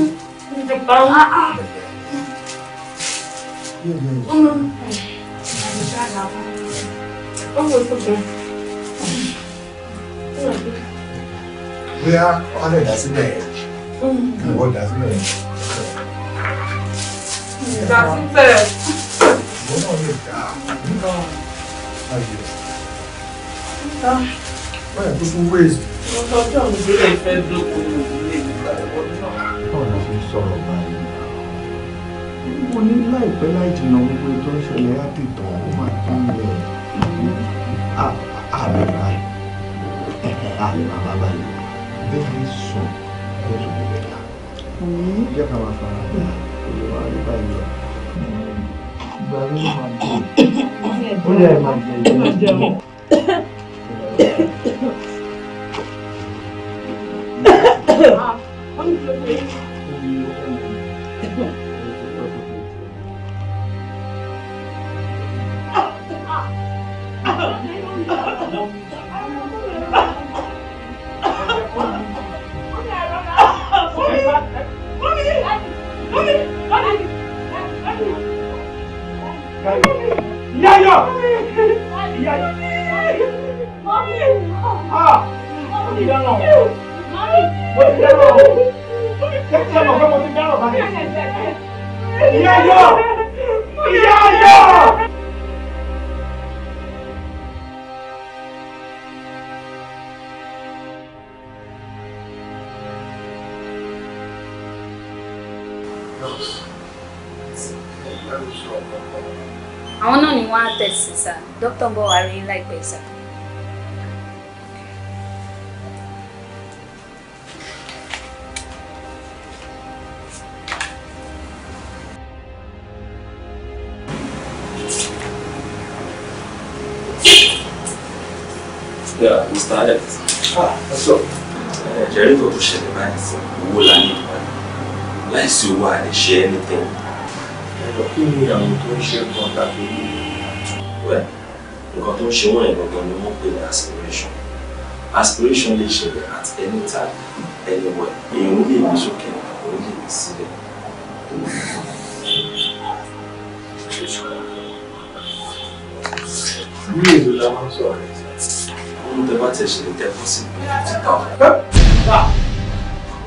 B: Bóyá ọ̀rẹ́ dà sílẹ̀ yẹn, ìwọ dà sílẹ̀ yẹn.
C: Dà sílẹ̀.
B: Ìwọ náà lè dà nígbà ayé. Báyọ̀ tó tún wéèzì. Ọjọ́ mi sílẹ̀ fẹ́ dókòwò. mo ní láìpẹ́ láì jìnnà gbogbo ètò ìṣẹ̀lẹ̀ àtìtàn ó máa tán ilẹ̀ àmì báyìí àmì bàbá báyìí bẹ́ẹ̀ sùn kó tó gbogbo ẹ̀dá jẹ́ ká máa fara dà olùwà rí báyìí lọ. ìgbà yóò máa jẹ
C: ó yẹ máa jẹ ìjẹun. Ah, I'm
B: Yáyọ̀! Yáyọ̀!
C: Mọ́mí! Ah! Mo
B: ti dáná o. Mo ti dáná o. Kẹ́kẹ́ ẹ̀ mọ̀ pé mo ti dáná
C: báyìí. Yáyọ̀! Yáyọ̀!
A: àwọn náà ni wọ́n á
B: tẹ̀sí sá dókítà ń bọ̀ wá rí láìpẹ́ sá. Yeah, Ah, what's up? Ẹ̀jẹ̀ eh, rí tó tó ṣẹlẹ̀ báyìí sí owó lánìí. Láìsí owó a lè ṣe anything ẹ̀dọ̀ kí ni àwọn tó ń ṣe nǹkan tàbí rẹ̀ nǹkan tó ń ṣe wọ́n yẹn gangan ni wọ́n pè ní aspiration aspiration lè ṣẹlẹ̀ at any time anywhere èèyàn lè mí sókè òun lè mí sílẹ̀. ní èlò la máa ń sọ rẹ̀ ohun tẹ bá tẹ̀ ṣe lè tẹ́kọ̀ọ́ sí fifty thousand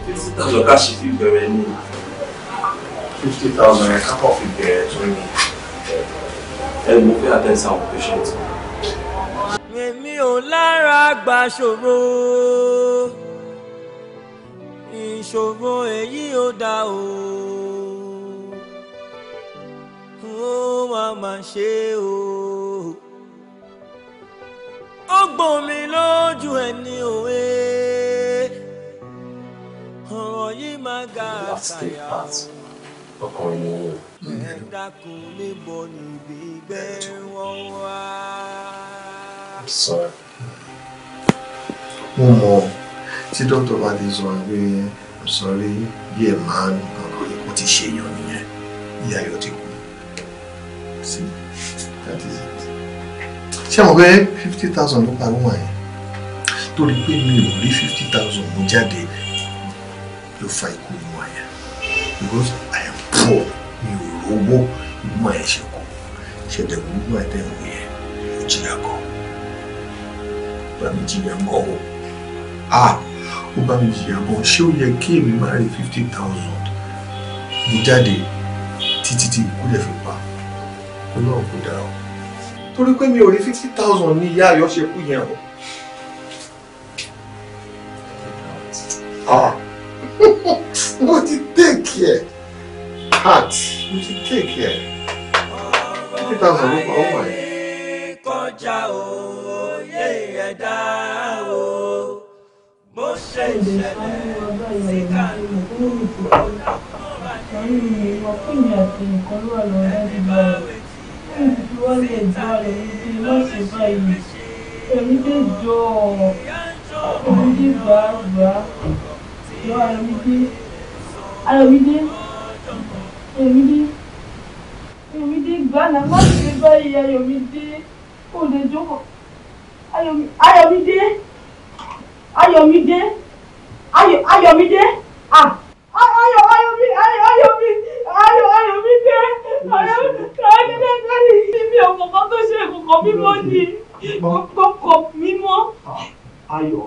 B: fifty thousand ká ṣe fi bẹ̀rẹ̀ ní ìlú fifty thousand yẹn kápọ̀ fi bẹ̀rẹ̀ tó ní. ẹ mo fẹ́ àtẹ̀sí
A: àwọn patient. èmi ò lára gbà ṣòro ìṣòro èyí ò dá o ó máa máa ṣe o ó gbọ́n mi lójú ẹni òwe ọ̀rọ̀ yìí máa ga àkàyà o ọkùnrin ni yín. dákun I'm sorry. mo mọ
B: tí dókítà bá ti sọ pé I'm sorry bí ẹ máa ń kankan yìí kó ti ṣe èèyàn nìyẹn ìyá yóò ti kú sí that is it. ṣé mo pé fifty thousand ló parí wọn yẹn torí pé mi ò rí fifty thousand mú jáde ló fa ikú wọn yẹn because fọ mi ò rówó ìgbọ́n ẹ̀ ṣe kù ṣẹlẹ̀ gbogbo àtẹ̀wò yẹn ìjìyà kan bá mi jìyà mọ́ o ah ó bá mi jìyà mọ́ ṣé ó yẹ kí èmi máa rí fifty thousand mo jáde títí tí ikú lè fi pa ọlọ́run kò dáa o torí pé mi ò rí fifty thousand ní ìyá ayọ̀ ṣe kú yẹn o. Ah, mo ti take care cat you ti take care fifty thousand ló oh, ọmọ ẹ. kọjá òye
A: ẹ̀dá o bó ṣe ìṣẹ̀lẹ̀ sí kálukú lórí mi ìwà fún mi àti nǹkan ló wà lọ́wọ́ láti bá ọ fún ìdíjú wá lè bá ọ níbi láti báyìí èmi lè jọ ọ ọmọdé bàá bàá lọ àyọmídé
B: àyọmídé. Èmídé Èmídé gbàna má ṣe báyìí Ayọ̀mídé kò lè jókòó Ayọ̀mídé Ayọ̀mídé Ayọ̀mídé ah ayọ̀ ayọ̀mí ayọ̀mí ayọ̀ ayọ̀mídé ayọ̀mídé sẹ́ni mi ò kọ̀kan tó ṣe kọ̀kan mímọ́ ni kọ̀kan mímọ́. ayọ̀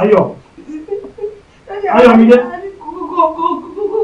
B: ayọ̀
C: ayọ̀mídé.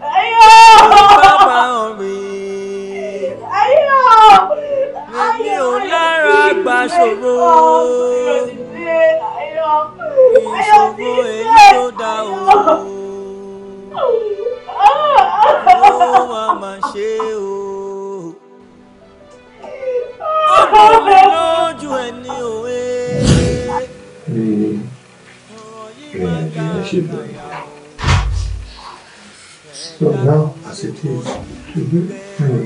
C: Ayọ̀! Bàbá
A: mi. Ayọ̀! Èmi ò lára gba ṣòro. Ìṣòro èyí tó dá o. Ó wà máa ṣe o. Ọkọ mi lójú ẹni òwe.
B: Ìrìn àjò So now, as it is, to do hmm,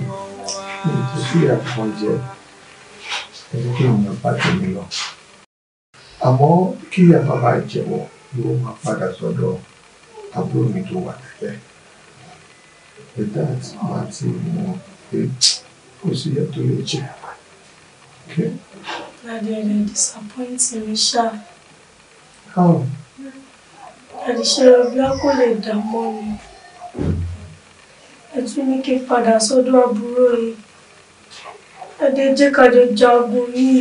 B: to see that ọ̀jẹ̀ ẹni tó ń yàn bàtẹ́ mi lọ. Àmọ́ kí àbá bá jẹ̀wọ́ ló máa padà sọ́dọ̀ àbúrò mi tó wà tẹ́lẹ̀. With that, màá ti mọ pé kò sí ẹ̀ tó lè jẹ́. Okay?
A: Daddy, you're disappointing me, Sha. How? Daddy, ṣe ọbẹ̀ á
B: kò lè dààmú mi ẹ padà sọ́dọ̀ àbúrò mi ẹdẹ jagun yìí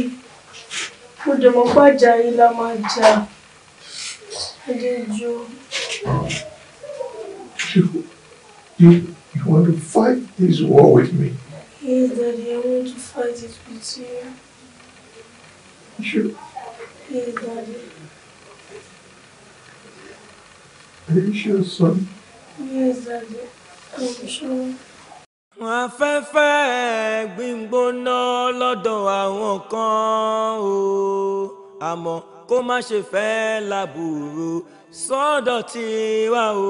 B: mo
A: dẹ̀ mọ́ pàjá yìí la máa jà ẹdẹ
B: You, you want to fight this war with me? Yes, Daddy, I want to fight it with you. Sure.
A: Yes, Daddy.
B: Are you sure, son?
A: Yes, Daddy àwọn afẹ́fẹ́ gbígbóná lọ́dọ̀ àwọn kan o àmọ́ kó má ṣe fẹ́ lábùrú sọ́dọ̀ tiwa o.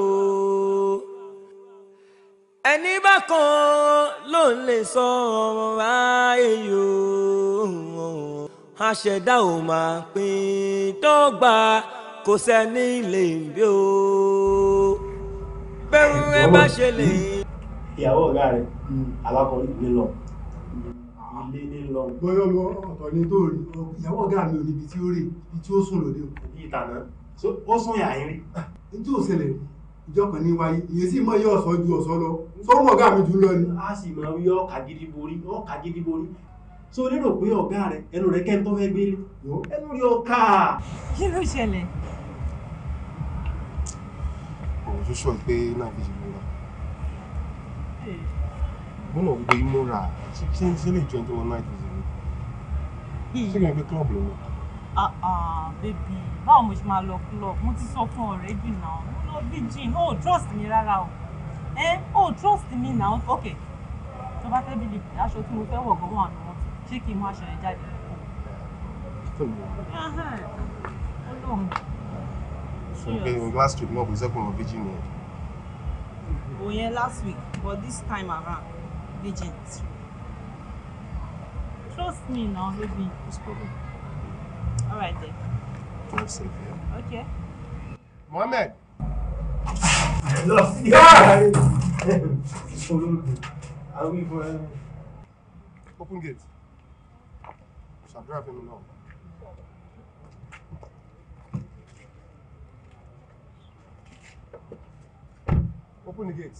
A: ẹni bá kan ló ń lè sọ ọ̀rọ̀ ayé àṣẹ̀dá ò máa pín dọ́gba kò sẹ́ni lè bí o bẹ̀rù ẹ bá ṣe lè. ìyàwó ọ̀gá rẹ̀ alákọ̀ọ́
B: ìgbé lọ ilé ní lọ. bọ́yọ̀ lọ ọ̀tọ̀ ni tó rí ìyàwó ọ̀gá mi ò níbi tí ó rí ibi tí ó sùn lóde o. ní ìtànà ó sún yà yín rí. n tí ò ṣẹlẹ̀ ìjọ kan ní wáyé ìyẹn sì mọ iye ọ̀sán ju ọ̀sán lọ sọ́mọ ọ̀gá mi jù lọ ni. a sì máa wí ọkà gidi borí ọkà gidi borí so lérò pé ọ̀gá rẹ ẹnu rẹ kẹ́ ń tọ́ fẹ́ gbélé ẹnu rí ọkà. kí ló ṣẹlẹ̀ ṣó sọ pé náà fi ṣe múra mo náà gbé múra ṣé ṣé lè jọ ẹni tó wọn náà ti ṣe mí ṣé kí n gbé club lọ. Ah, ah, bébì báwo mo ṣe máa lọ club mo ti sọ fún ọ̀rẹ́ jù náà mo lọ virgin oh, o eh, oh, trust me rárá o ẹ o trust mi náà ok tó bá fẹ́ bíbí aṣọ tí mo fẹ́ wọ̀ gan wà ní wọn ṣé kí n mú aṣọ yẹn jáde. ó lóun fún pé last week náà kò sẹ́kùn lọ virgin Oh yeah, last week but this time around virgin trust me now baby. all right then. I'm safe here. Yeah. okay. Mohammed. lọ sí i. Open gate. Ṣàdúrà fún mi náà. Open the gate.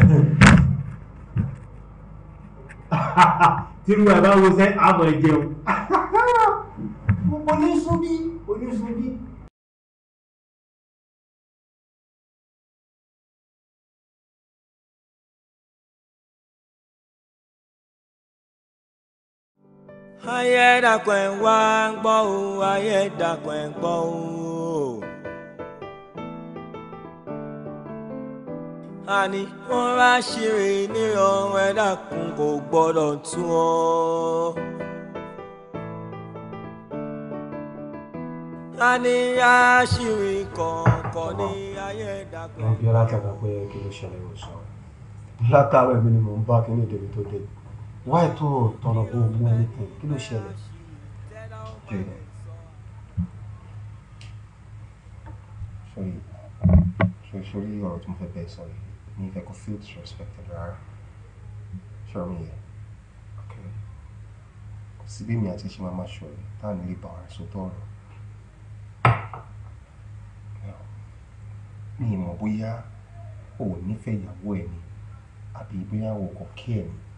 C: tírú ẹ bá wo sẹ àmọ ẹ jẹun
B: oníṣúbí oníṣúbí
A: ayé dàpọ̀ ẹ̀ wá ń gbọ́ o ayé dàpọ̀ ẹ̀ gbọ́ o. àní wọ́n ráṣìírí nírọ̀ ẹ̀ kò gbọ́dọ̀ tún ọ́. ta ni aṣírí kọ̀ọ̀kan ayé
B: ìdàgbẹ́. wọ́n bí látara pé kí ló ṣẹlẹ̀ ò sọ látara èmi ni mò ń bá kíní ìdèbí tó dé wáyé tó tọrọ bó mú ẹnìkan kí ló ṣẹlẹ̀. sori ọ̀rọ̀ tí mo fẹ́ bẹ́ẹ̀ sọ yìí mi fẹ́ kó feel disrespected rárá sọ̀rọ̀ yẹn síbí mi àti ṣe máa ma ṣọ̀rọ̀ táà nílé bá wa sọ tọ̀rọ̀ mi ì mọ̀ bóyá o ò nífẹ̀ẹ́ ìyàwó ẹ̀ ni àbí bóyá o kò kí ẹ̀ ni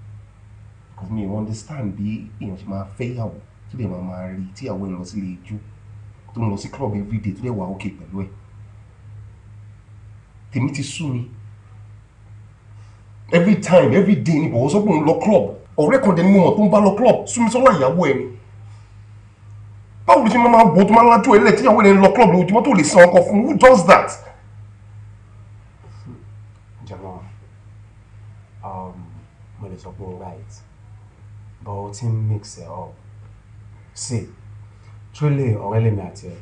B: because mi ò understand bí èèyàn ṣe máa fẹ́ ìyàwó tó dẹ̀ máa máa rí tí ìyàwó ẹ̀ lọ sílé ijó tó ń lọ sí club everyday tó dẹ̀ wà òkè pẹ̀lú ẹ̀ tèmi ti sú mi every time every day ni bọ̀wọ́ sọ́kùn lọ club ọ̀rẹ́ kan dẹ̀ ni mo mọ̀ tó ń bá lọ club sú mi sọ́nà ìyàwó ẹ̀ ni báwo ló ṣe máa bọ̀ tó máa lájú ẹ̀ lẹ̀ tíyàwó ẹ̀ ń lọ club lójúmọ́ tó lè san ọkọ̀ fún who does that? sọ pé n right but o ti ń mix ẹ̀ up see truly ọ̀rẹ́ lèmi àti ẹ̀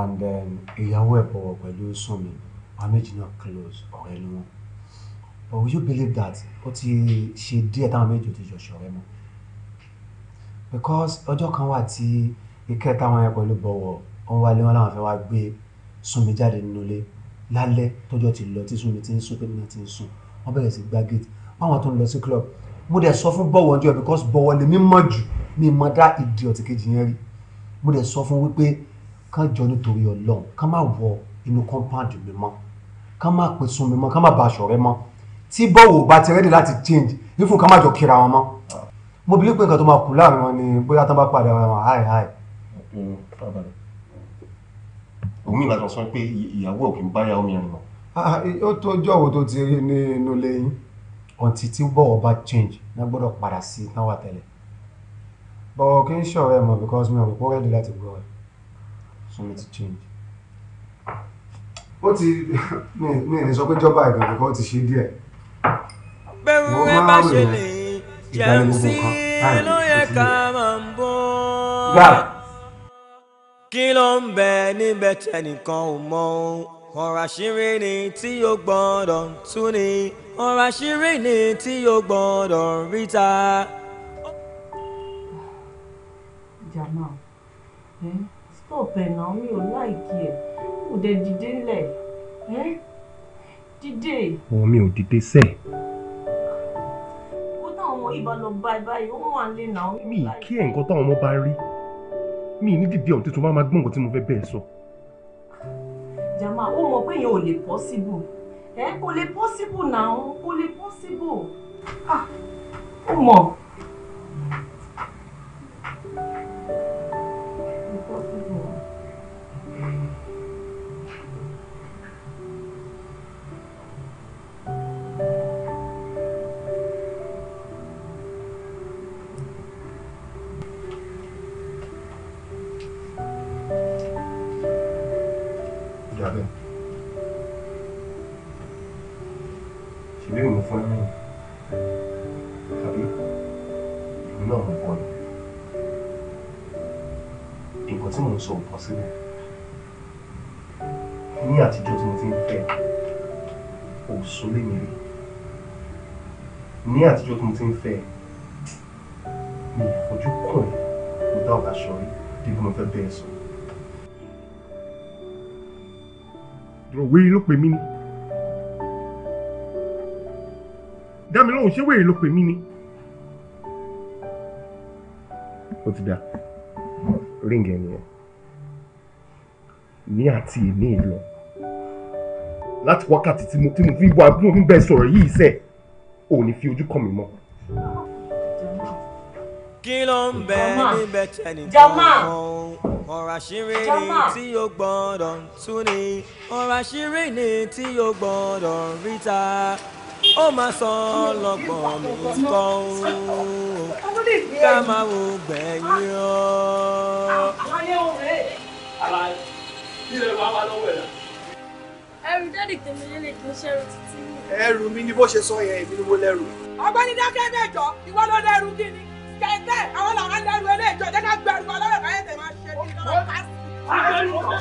B: and then um, ìyàwó ẹ̀ bọ̀wọ̀ pẹ̀lú sùnmi wọn méjì náà close ọ̀rẹ́ ni wọn but will you believe that ó ti ṣe díẹ̀ táwọn méjì ò ti jọ ṣọ̀rẹ́ mọ́ because ọjọ́ kan wà tí ìkẹta wọn yẹn pẹ̀lú bọ̀wọ̀ wọn wá lé wọn láwọn fẹ́ wá gbé sùnmi jáde nínú ilé lálẹ́ tọ́jọ́ ti lọ tí sùnmi ti ń sùn tèmi náà ti ń sùn wọ́n bẹ̀rẹ̀ sí gbá gate báwọn tó ń lọ sí club mo dẹ̀ sọ fún bọ̀wọ̀ ọjọ́ because bọ̀wọ̀ lèmi mọ̀ jù mi mọ̀ dá ìdí ọ̀tí kejì yẹn rí mo dẹ̀ sọ fún wípé kán jọ nítorí ọlọ́run kán má wọ inú compound mi mọ́ kán má pèsùn mi mọ́ kán má ba aṣọ rẹ mọ́ tí bọ̀wọ̀ bá ti rẹ́dì láti change nífún kán má jọ kíra wọn mọ́ mo believe pé nǹkan tó máa kù láàrin wọn ni bóyá tán bá padà wọn háì háì. òun ìlànà sọ pé ìyàwó òkè ń báyà omi ẹ̀rìn mọ́. Ah, ah, ó tó ọjọ́ wo tó ti rí ní inú lẹ́yìn ọ̀ǹtí tí bọ̀wọ̀ bá change ní gbọ́dọ̀ padà sí táwa tẹ̀lẹ̀ bọ̀wọ̀ kì í ṣọ̀rọ̀ ẹ̀ mọ̀ because mi ò rò pé ó rẹ́dí láti gbọ́ ẹ̀ so mi ti change. ó ti mi ì sọ pé jọba ìgbàgbọ́ kan ti ṣe díẹ̀ bẹ́rù ẹ bá ṣe lè jẹun sí ló yẹ ká máa ń bọ́
A: kí ló ń bẹ níbẹ̀ tẹnìkan ò mọ̀ ọ́ ọ̀rọ̀ àṣírí ni tí o gbọ́dọ̀ tú ni ọ̀rọ̀ àṣírí ni tí o gbọ́dọ̀ rí ta.
B: Jamal eh? stop ẹ̀ náà mi ò láìkí ẹ̀ kò dé dìde ńlẹ̀ dìde. ọ̀hún mi ò dìde sẹ́ẹ̀ àwọn ìbá lọ bá ẹ báyìí ó wà lè nà ó. mi kí ẹ̀ nǹkan táwọn ọmọ bá rí mi ní dìde ọ̀hún tí tó bá máa gbọ́ nǹkan tí mo fẹ́ bẹ́ẹ̀ sọ. So jama o mọ̀ pé yẹn ò lè possible ẹ kò lè possible náà kò lè possible ah ó mọ̀. ti ń mi ìfojú kàn mo dá ọ̀bà sọ̀rí bí mo fẹ́ bẹ́ẹ̀ sọ. ọ̀rọ̀ wéyí ló pè mí ni dá lóhùn ṣé wéyí ló pè mí ni. ó ti dá ríǹgì ẹ̀ nìyẹn ní àti èmi lọ láti wákàtí tí mo fi ń bọ abúlé ń bẹ sọ̀rọ̀ yìí sẹ́ẹ̀ ò ní fi ojú kàn mí mọ́
A: kí ló ń bẹ níbẹ̀ tẹnìkan kan ọ̀rọ̀ àṣírí ni tí o gbọ́dọ̀ tú ni ọ̀rọ̀ àṣírí ni tí o gbọ́dọ̀ rí ta ó máa sọ lọ́gbọ̀n mi kọ́ ká máa wo gbẹ̀yìn ọ́.
B: ẹrù dáàdì tèmi lélẹ̀ kì í ṣẹ́rù títí ẹrù mi ni bó ṣe sọ yẹn èmi ni mo lẹ́rù. ọ̀gbẹ́ni dákẹ́ mẹ́jọ ìwọ ló lẹ́rù kí ni kẹ̀kẹ́ àwọn làwọn lẹ́rù eléjọ jẹ́ gbẹrù ọlọ́rẹ̀ báyẹn máa ṣe kí lọ́wọ́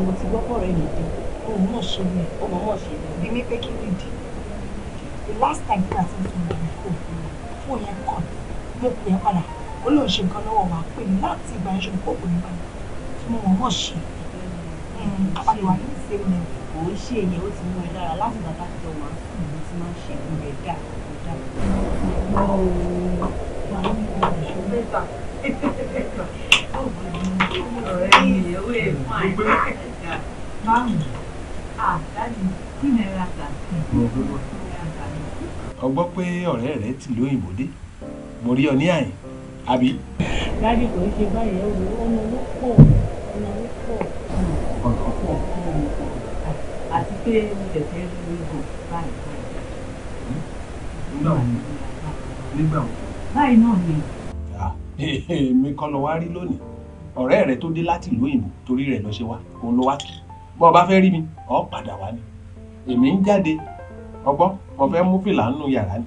B: ni mo ti gbọ́pọ̀ rẹ̀ nìdí òun náà ṣe mí òun náà ṣe mí mi pé kí ni dì the last time tí a ti fún mi kò fún yẹn kàn mo pè é padà ó lóun ṣe nǹkan lọ́wọ́ wa pè láti ìgbà yẹn ṣe kó pè mí padà tí mo mọ̀ mọ̀ ṣe hmm, àpàlùwà ní ìsinmi rẹ̀ kò ń ṣe èyàn ó ti mú ẹ lára láti bàbá tó wà fún mi tí máa ń ṣe ìrẹ̀dá ìrẹ̀dá. ọ̀rẹ́ rẹ tìlú òyìnbó dé mo rí ọ ní àyìn àbí. dájú kò ṣe báyẹn o ọ̀nà owó pọ̀ ọ̀nà owó pọ̀ ọ̀nà pọ̀ àti pé mo tẹ̀sẹ̀ rí mi gùn báyìí. nígbà wo nígbà wo. báyìí náà ni. èmi kọ́ lọ wá rí lónìí ọ̀rẹ́ rẹ tó dé láti ìlú òyìnbó torí rẹ̀ lọ ṣe wá òun ló wá kì bọ́ ọ bá fẹ́ rí mi ọ padà wá ni èmi ń jáde ọgbọ́n mo fẹ́ mú fìlà nù yàrá ni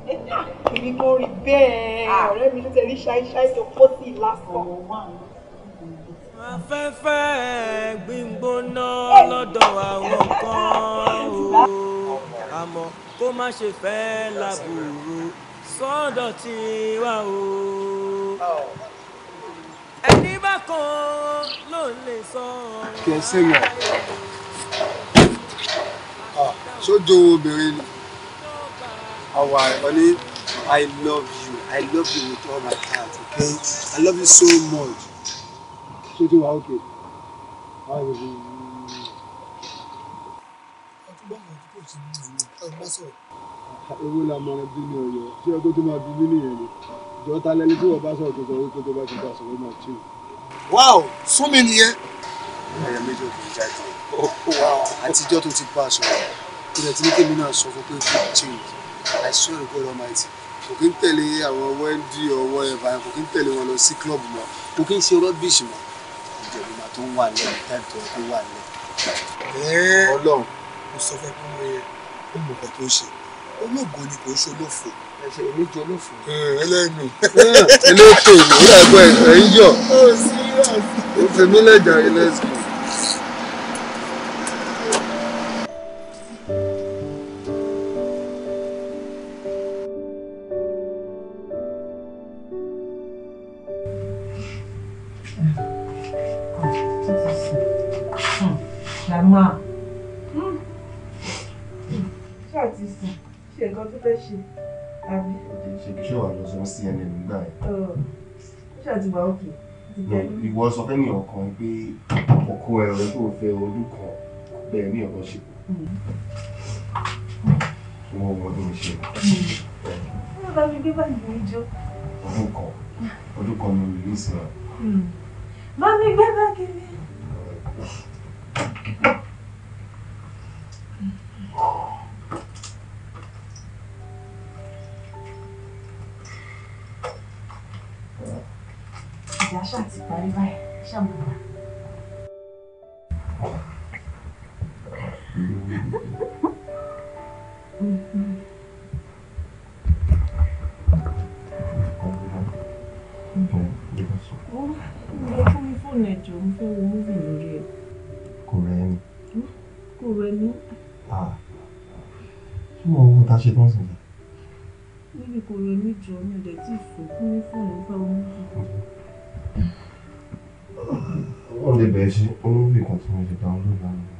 B: èmi kò rí bẹ́ẹ̀ ah. ọ̀rẹ́ mi ló tẹ̀lé ṣáíṣáí tó kó sí lásán.
A: afẹ́fẹ́ gbígbóná lọ́dọ̀ àwọn kan o àmọ́ kó má ṣe fẹ́ lábùrú sọ́dọ̀ tí wà o ẹni bá kan ló lè sọ.
B: kẹsàn-án sójú ah, obìnrin ni. All right, honey. I love you. I love you with all my heart, okay? I love you so much. Ṣé tí wàá òkè? Báwo ni mo ṣe ọdún báwo ni kò sí nínú ìlú ọgbà sọ̀rọ̀? Ewé la máa bí ní ọ̀yọ́. Ṣé ọdún tó máa bí mí nìyẹn ni? Ìjọ ta lẹni tí wọ́n bá sọ̀rọ̀ tó sọ wípé tó bá ti Wow! Fún mi nìyẹn. Ẹyẹ méjì ò kì í jáde. Oh, Àtijọ́ tó ti bá a sọ̀rọ̀. Ìrètí ní kèmí I swear to God Almighty kò kí ń tẹ̀lé àwọn wendy ọwọ́ ẹ̀fà kò kí ń tẹ̀lé wọn lọ sí club mọ́ kò kí ń ṣe rọ́bìṣì mọ́ ìjẹ̀bù màá tó ń wà lẹ́yìn táìpù tó yẹ kó wà lẹ́yìn. Ọlọ́run mo sọ fẹ́ pé mo yẹ ó mọ nǹkan tó ń ṣe olóògùn ni kò ń ṣe olófò. ẹsẹ èmi jọ olófò. ẹlẹ́nu. ẹlẹ́nu èmi ó dàgbọ́ ẹ̀yìn yọ. ó fi mí lẹ́jà ilé ẹ̀sìn. lọ sọ CNN nígbà yẹn. ṣé àti wà òkè? ìwọ sọ fẹ́ ní ọkàn pé ọkọ ẹ̀rọ tó fẹ́ ọdún kan bẹ́ẹ̀ ní ọ̀rọ̀ ṣe. Mm. wọ́n wọ́n ọdún ṣe. Mm. wọ́n bá ọdún kan ọdún kan ni release náà. Mm. bá mi gbé báyìí ní. Oh. àṣà ti parí báyìí ṣàmùlà. Mo fún mi fóònù ẹ̀jọ̀, mo fẹ́ wo múvì lórí ẹ̀. Kò rẹ̀ mí. Kò rẹ̀ mí. Ṣé mo On lè bẹ̀ẹ́ ṣe ó ń rí nǹkan tí mo ṣe download lánàá.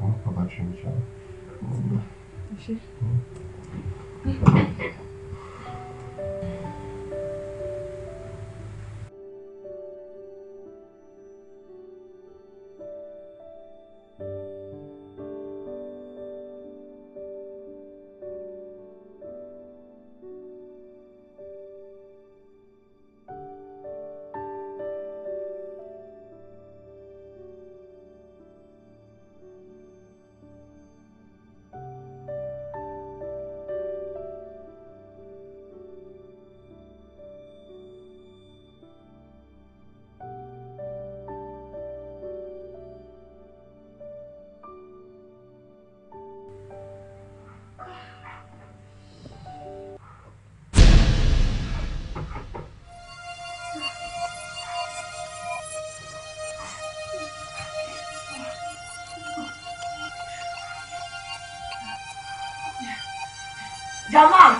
B: wọ́n pa bàtìrì Come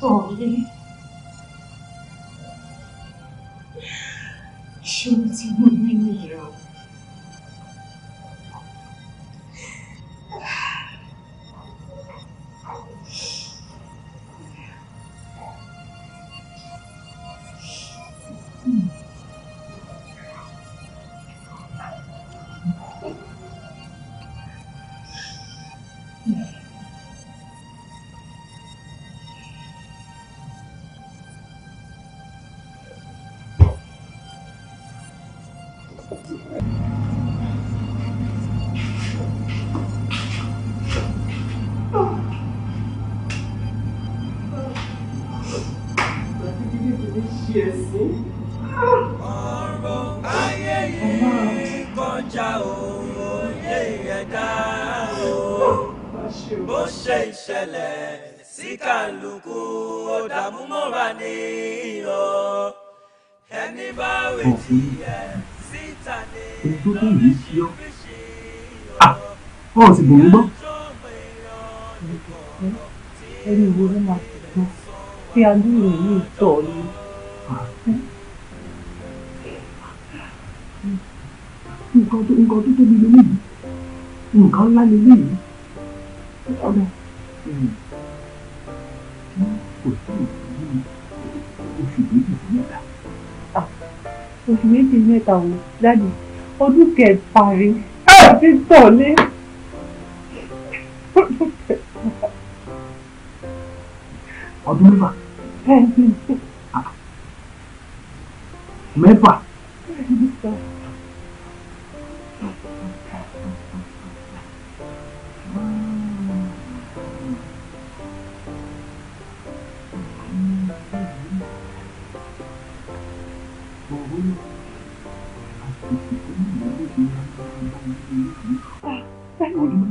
B: 做医。mò ń gbọ́. ẹni wo ló máa fi gbọ́ tí alúrò yìí tọ̀ ni. nǹkan tó nǹkan tó tóbi ló léyìí nǹkan ńlá ló léyìí ọ̀dà kò sí ìdílé oṣù méjì sí mẹ́ta. oṣù méjì mẹ́ta wo dáàdi ọdún kẹta rí títọ̀ lé. ọdún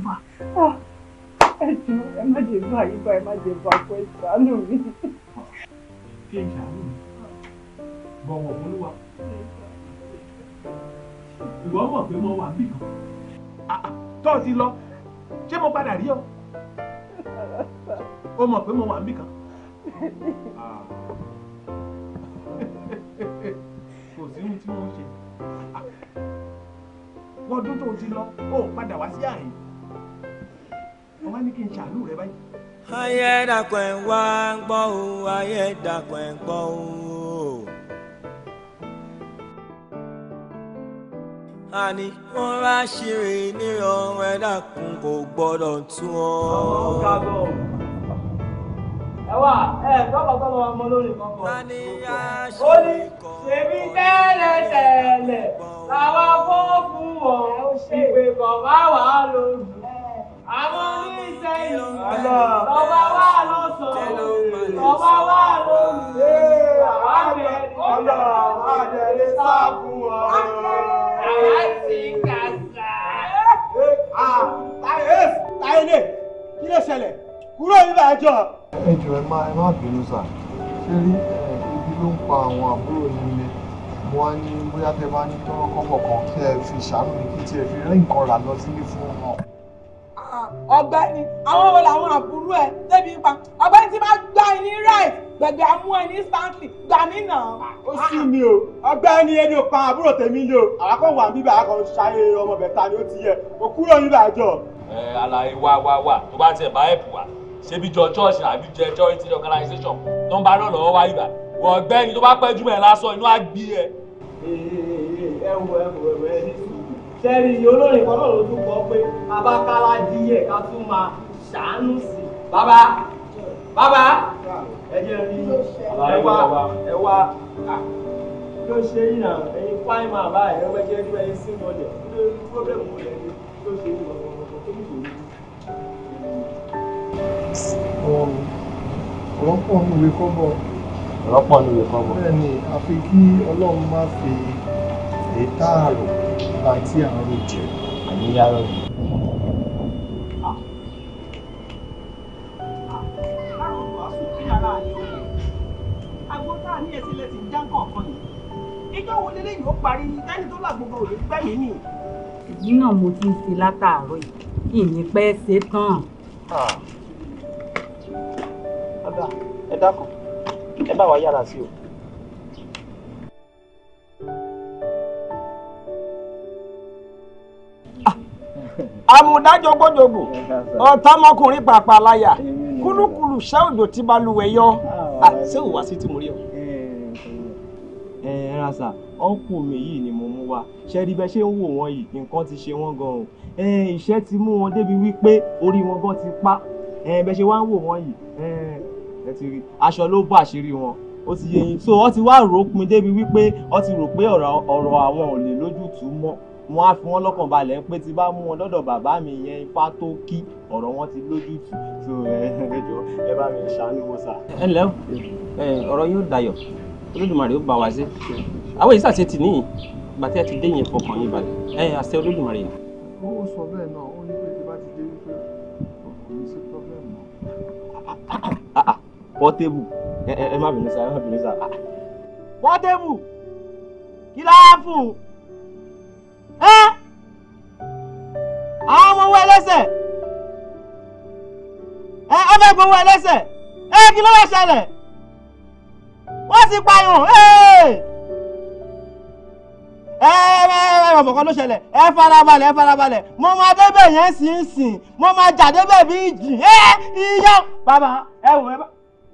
B: ah. kò sí ohun tí wọ́n ṣe wọ́n dún tó ti lọ ó padà wá sí àyè wọ́n wá ní kí n ṣàánú rẹ báyìí.
A: ayé ẹ̀ wá ń gbọ́ o ayé ẹ̀ gbọ́ o. àní wọ́n ráṣìírí nírọ̀rùn ẹ̀ dàkún kò gbọ́dọ̀ tún ọ́. ọmọ ọ̀gá ẹ tọkọtọkọ ọmọ lórí kọkọ ó ní ṣèbí tẹ́lẹ̀tẹ́lẹ̀ làwa kó fún wọn ìpè kàn bá wà á lòdù. àwọn oníṣẹ́yìn lọ́ba wà lọ́sàn-án lọ́ba wà lòdù. àwọn àjẹlé sá fún wọn. àwa ti kàṣà.
B: Ah, táyé lè kí ló ṣẹlẹ̀ kúrò nígbà ẹjọ́. ẹ jọ̀ọ́ ẹ má bínú sá ṣe rí ibi ló ń pa àwọn àbúrò yìí mo wá ní bóyá tẹ bá to tọrọ kọ́bọ̀ kan kí ẹ fi ṣàánú mi kí tiẹ̀ fi rí nǹkan rà lọ sílé fún wọn. Ah, ọ̀gbẹ́ni àwọn wo làwọn àbúrò ẹ débi ipa ọ̀gbẹ́ni tí máa gbá ẹni right gbẹgbẹ amú ẹ ní stanley gbà mí nà. ó sì mi o ọ̀gbẹ́ni ẹni òpá àbúrò tèmi ni o àwákọ wà níbà àkọ ṣayé ọmọ bẹta ni ó ti yẹ o kúrò níbà jọ.
A: ẹ àlàyé wa wa wa tó bá tiẹ̀ bá ẹ̀pù wa ṣebí jọ church
B: àbí jẹ charity organization tó ń bá lọ́lọ́wọ́ wáyé bá wọ́n ọ̀gbẹ́ni tó bá pẹ́ jùmọ̀ ẹ̀ lásán inú á gbé ẹ
A: ẹwù ẹwù ẹwù ẹni sùn sẹ́rí olórin kan náà ló
B: tún kọ́ pé abákálá díẹ̀ ká tún máa ṣàánú sí i bàbá bàbá ẹ jẹ́ rí ẹ wá ẹ wá
A: ló ṣe yìí náà
B: ẹ̀yin fáìn máa bá ẹ̀rọ gbẹ́jẹ́ rí ẹ̀yin sí ìmọ̀lẹ̀ lórí pọ́blẹ́mù rẹ̀ ni ló ṣe yìí náà ọ̀rọ̀ tó ń ṣe yìí. ọ̀rọ̀ pọ̀ ń wé kọ́ bọ̀ rọ́pọ̀ ní ìwé kọ́bọ̀. bẹ́ẹ̀ ni àfi kí ọlọ́run má fi ètà àrò bá tí àrò jẹ. àmì yàrá rẹ. ìjọ wo lélẹ́yìn ó parí tẹ́ni tó làgbogbo òye gbẹ̀mí nì. èyí náà mo ti ń ṣe látàárọ̀ yìí kì í ní pẹ́ ṣe tán. Ah. ẹ dákun ẹ bá wa yára sí o. àmùdájọgbọjọgbò ah, ọtọmọkùnrin pàápàá láyà kúlùkùlù ṣẹ òjò tí balùwẹ̀ yọ ah, ṣé òwá sí ti mú rí ọ. ẹ ẹ rasa ọ̀nkù mi yìí ni mo mú wá ṣe rí bẹ́ẹ̀ ṣe ń wò wọ́n yìí nǹkan ti ṣe wọ́n gan o ìṣẹ́ ti mú wọn débi wípé orí wọn gan ti pa bẹ́ẹ̀ ṣe wá ń wò wọ́n yìí ti rí aṣọ ló bá àṣírí wọn ó ti yé yín so wọ́n ti wá ròpin débi wípé wọ́n ti rò pé ọ̀rọ̀ àwọn ò lè lójútùú mọ́ wọn á fi wọn lọ́kàn balẹ̀ pé tí bá mú wọn lọ́dọ̀ bàbá mi yẹn ifá tó kí ọ̀rọ̀ wọn ti lójútùú so ẹ ẹ jọ ẹ bá mi ṣàánú wọn sà.
A: ẹ ǹlẹ́ ẹ ọ̀rọ̀ yóò dayọ̀ olódùmarè ó bá wa ṣe
B: àwọn èyí sàṣẹ tì níyìn gbàtẹ́ ti dé yẹn fọkàn yín balẹ̀ ẹ àṣẹ olódùmarè ni. ó sọ bẹ́ẹ̀ náà ó ní pé tí bá ti dé wípé kò sí pọ́blẹ́mù náà. Ah, ah, ah, pọ́tébù ẹ má bínú sá ẹ má bínú sá ah. pọ́tébù kí ló á fún un ẹ àwọn ọmọ owó ẹlẹ́sẹ̀ ẹ ọbẹ̀ gbowó ẹlẹ́sẹ̀ ẹ kí ló wá ṣẹlẹ̀ wọ́n ti pààyàn ẹ ẹ ọmọ kan ló ṣẹlẹ̀ ẹ farabalẹ̀ ẹ farabalẹ̀ mo máa débẹ̀ yẹn sì ń sìn mo máa jà débẹ̀ bí ìjì ẹ ìyá bàbá ẹ wò ẹ bá.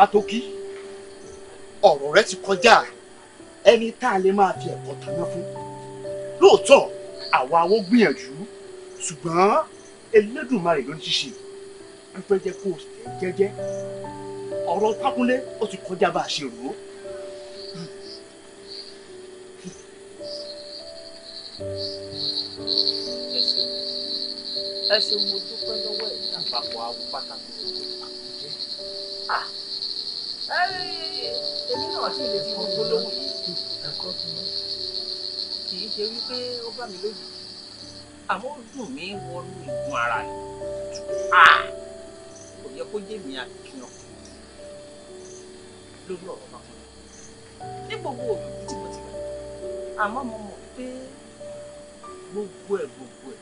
B: Fátókí ọ̀rọ̀ rẹ ti kọjá ẹni tá a lè máa fi ẹ̀kọ́ tanná fún lóòótọ́ àwa awó gbìyànjú ṣùgbọ́n Elédùmarè ló ń ṣiṣẹ́ dúpẹ́ jẹ́ kó o tẹ̀ jẹ́jẹ́ ọ̀rọ̀ Tákúnlé ó ti kọjá bá a ṣe rò ó. ẹ ṣe mo dúpẹ́ lọ́wọ́ ẹ̀ ní àpapọ̀ àwọn pátákó tó èmi náà sì lè fi gbogbo lówó kì í ṣe wípé ó bá mi lójú àmọ́ ó ni kò yẹ kó jẹ́ mi àkíyàn lórí ọ̀rọ̀ náà ní gbogbo òbí tí mo ti rí àmọ́ mo mọ̀ pé gbogbo ẹ̀ gbogbo ẹ̀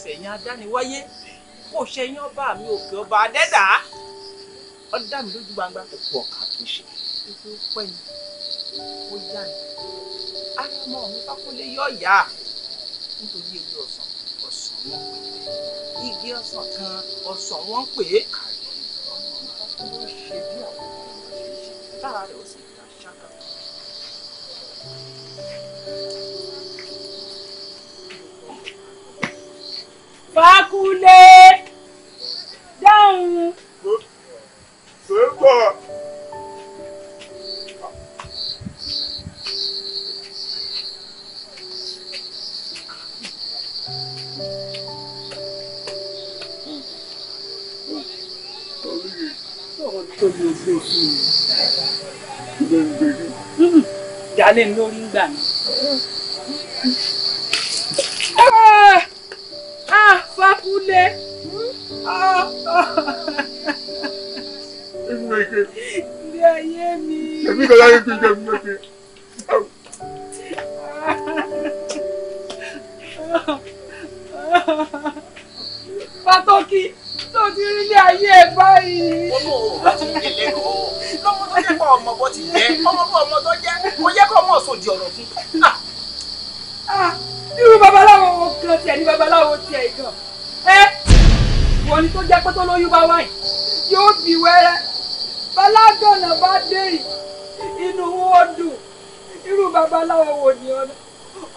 B: sẹ̀yìn adániwáyé kò ṣẹ̀yìn ọba mi òkè ọba adẹ́dàá ó mi lójú gbangba. ọkọ ọkà ètò pẹ́ ni ó yá ni ara mi fákúnlé yóò yá nítorí ewé ọ̀sán ọ̀sán wọn pè é igi ọ̀sán kan ọ̀sán wọn pè é ọmọ mi fákúnlé ṣe bí àwọn ọmọ rẹ ṣe tára rẹ ó sì ta ṣáká. fákúnlé dáhùn ìwé pọ̀. Jalè lórí ń gbà
A: Ah! Ah! Fákúnlé! Ah! ah!
C: méje. Ilé mi. Èmi kò láyé kí n jẹ méje.
B: Pàtọ́kì tó ti rí ilé ayé ẹ báyìí. Ọmọ ò bá ti rí ilé kọ́. Lọ́mọ tó jẹ́ pa ọmọ bó ti jẹ́. Ọmọ bó ọmọ tó jẹ́. Mo yẹ kó ọmọ sòdì ọ̀rọ̀ fún.
A: Ah, irú babaláwo kan tiẹ̀ ní babaláwo tiẹ̀ ìgàn. Ẹ́ wọ́n ni tó jẹ́ pé tó lóyún bá wáyìí yóò bí wẹ́rẹ́ bọ́ládọ́nà bá dé
B: yìí inú wo dùn irú babaláwo wo ni ọ̀nà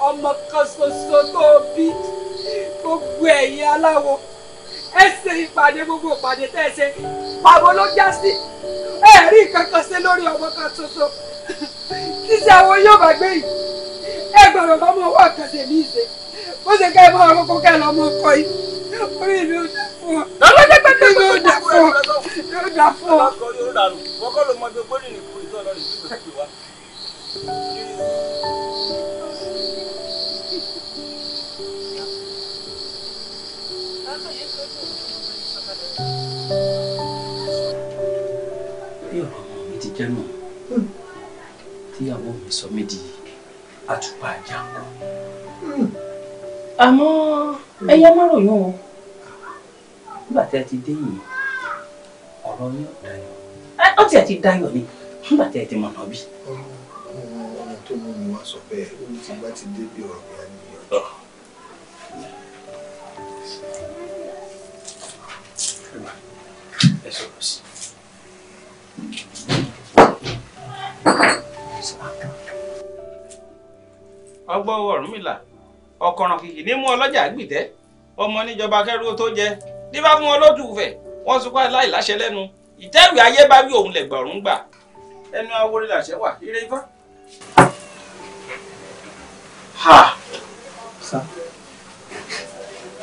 B: ọmọ kan ṣoṣo tó bí gbogbo ẹ̀yin aláwo ẹ ṣe ìpàdé gbogbo ìpàdé tẹ́ ẹ ṣe pàbó ló já sí ẹ rí kankan ṣe lórí
A: ọmọ kan ṣoṣo títí àwọn yóò bá gbé yìí ẹ gbọ́dọ̀ lọ́mọ owó àkàṣe mi ṣe bó ṣe ká ẹ mọ ọ̀rọ̀ kó ká lọ́mọ kọ yìí orí mi ò dà fún
B: ọ. lọ́wọ́ jẹ́ pé kí ló dà fún ọ. yóò dà fún ọ. ọlọ́kọ̀ọ́rí ó dànù
A: kọ́kọ́ ló mọ gbogbo ní ìkú ìtọ́ lọ́rùn ìdúró sí wa.
B: bí ọ̀rọ̀ ọmọ mi ti jẹ́ náà tíyàwó mi sọ mí di àtùpà àjàǹkọ. Hmm. àmọ́ ẹyẹ má ròyìn o tẹ́ ti dé yìí ọ̀rọ̀ yín ò dayọ̀ ó tiẹ̀ ti dayọ̀ ni nígbà tẹ́ ti mọ̀nà bí. ọmọ tó mú mi wá sọ bẹ́ẹ̀ ó ti bá ti dé bí ọ̀rọ̀ bíi àníyànjú. ẹ sọ̀rọ̀ sí ọgbọ́n ọ̀rùnmìlà ọ̀kọ̀ràn kìkì ní mú ọlọ́jà gbìtẹ́ ọmọ níjọba kẹ́rù tó jẹ dífá fún wọn lójú ìfẹ́ wọ́n sunkún aláì láṣẹ lẹ́nu ìtẹ́wì ayé bá wí òun lẹ̀gbọ̀n ọ̀run gbà. ẹnu awore làṣẹ wà eré ifá.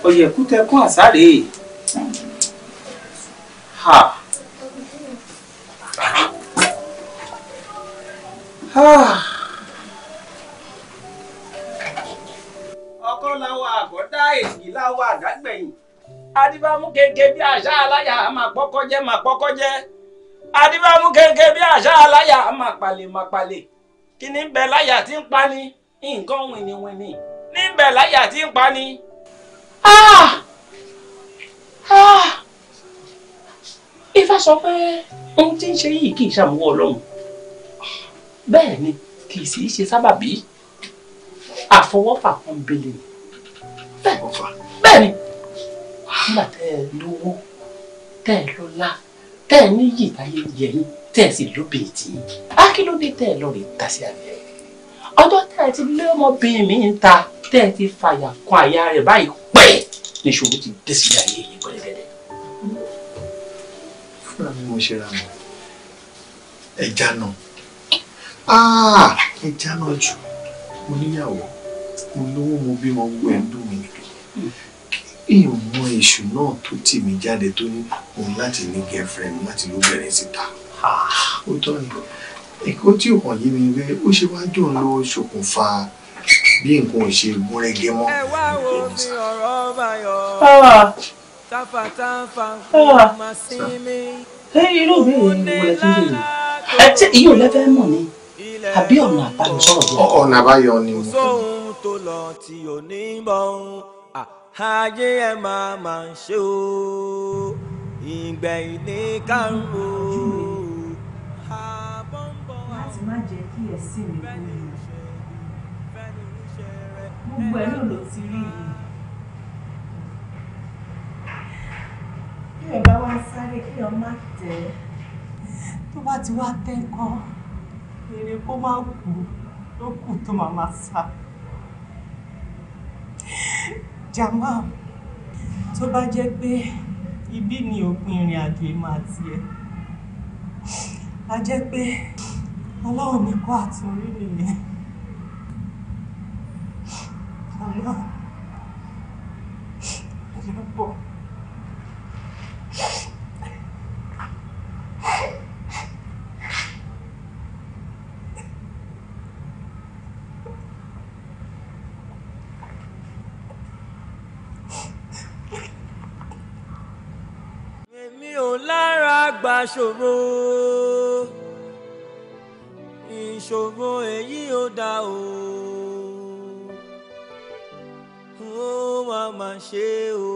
B: ọ̀yẹ̀kú tẹ kún àsáré. Ha.
A: ọkọ làwọn àgọ́dá èjì làwọn àdágbẹ̀yìn adíbámú kéńké bí àṣà aláyà máa pọ́kọ́jẹ́ máa pọ́kọ́jẹ́ adíbámú kéńké bí àṣà aláyà máa palẹ̀ máa palẹ̀ kí ní bẹ̀ láyà tí ń pani nǹkan wìnìwìnì
B: ní bẹ̀ láyà tí ń pani. Ah! Ah! ifá sọ pé ohun tí ń ṣe yìí kì í ṣàmúwọ́ ọlọ́run bẹ́ẹ̀ ni kì í sì í ṣe sábàbí àfọwọ́fà kan bẹ̀lẹ̀ bẹ́ẹ̀ ni nígbà tẹ́ ẹ lówó
A: tẹ́ ẹ lọ́lá
B: tẹ́ ẹ níyì táyé yẹ yín tẹ́ ẹ sì lóbìnrin tì í á kí ló ẹ lọ ta sí abẹ́ ọjọ́ tẹ́ ẹ ti lé ọmọbìnrin mi ń ta tẹ́ ẹ ti fàyà kan àyà rẹ̀ báyìí pẹ́ níṣòro ti dé sílé ayé yìí gbẹ́dẹ́gbẹ́dẹ́. fúnra mi mo ṣe ra mọ ẹja náà ah, ẹja náà jù mo níyàwó mo lówó mo bímọ gbogbo ẹ̀ ń dùn mí ìmọ̀ èṣù náà tó tì mí jáde tó ní òun láti ní girlfriend láti ló bẹ̀rẹ̀ síta ó tọ́ ni ẹ̀kọ́ tí ò hàn yé mi pé ó ṣe wá jò ń lọ ṣokùnfà bí nǹkan ò ṣe
A: gún régé mọ́. ẹ wá wo mi ọ̀rọ̀ bayọ̀ tafatafa kò má sí mi. irú mi ò ní wọlé tó yẹ ẹ tí
B: ìyá ò lẹ́fẹ̀ẹ́ mọ̀ ni àbí ọ̀nà àbáyọ sọ̀rọ̀ ọ̀nà àbáyọ
A: ni mo fẹ́. kò sóhun tó lọ tí ò ní bọ̀ ọ́n ayé ẹ máa máa ń ṣe o ìgbẹ̀yìn ní kárò.
B: láti má jẹ́ kí ẹ̀sìn mi kú yìí gbogbo ẹ̀ náà ló ti rí yìí. bí ẹ bá wá sáré kí ọ má tẹ̀ ẹ́ tó bá ti wá tẹ́ ń kọ́ èrè kó má kú ló kù tó máa máa sá. Jamal tó bá jẹ́ pé ibí ni òpin ìrìn àjò èmi àti ẹ a jẹ́ pé ọlọ́run mi kọ́ àtúnrí nìyẹn ọlọ́run ọlọ́pọ̀.
A: bá ṣòro ìṣòro èyí ò dá o ó wá máa ṣe o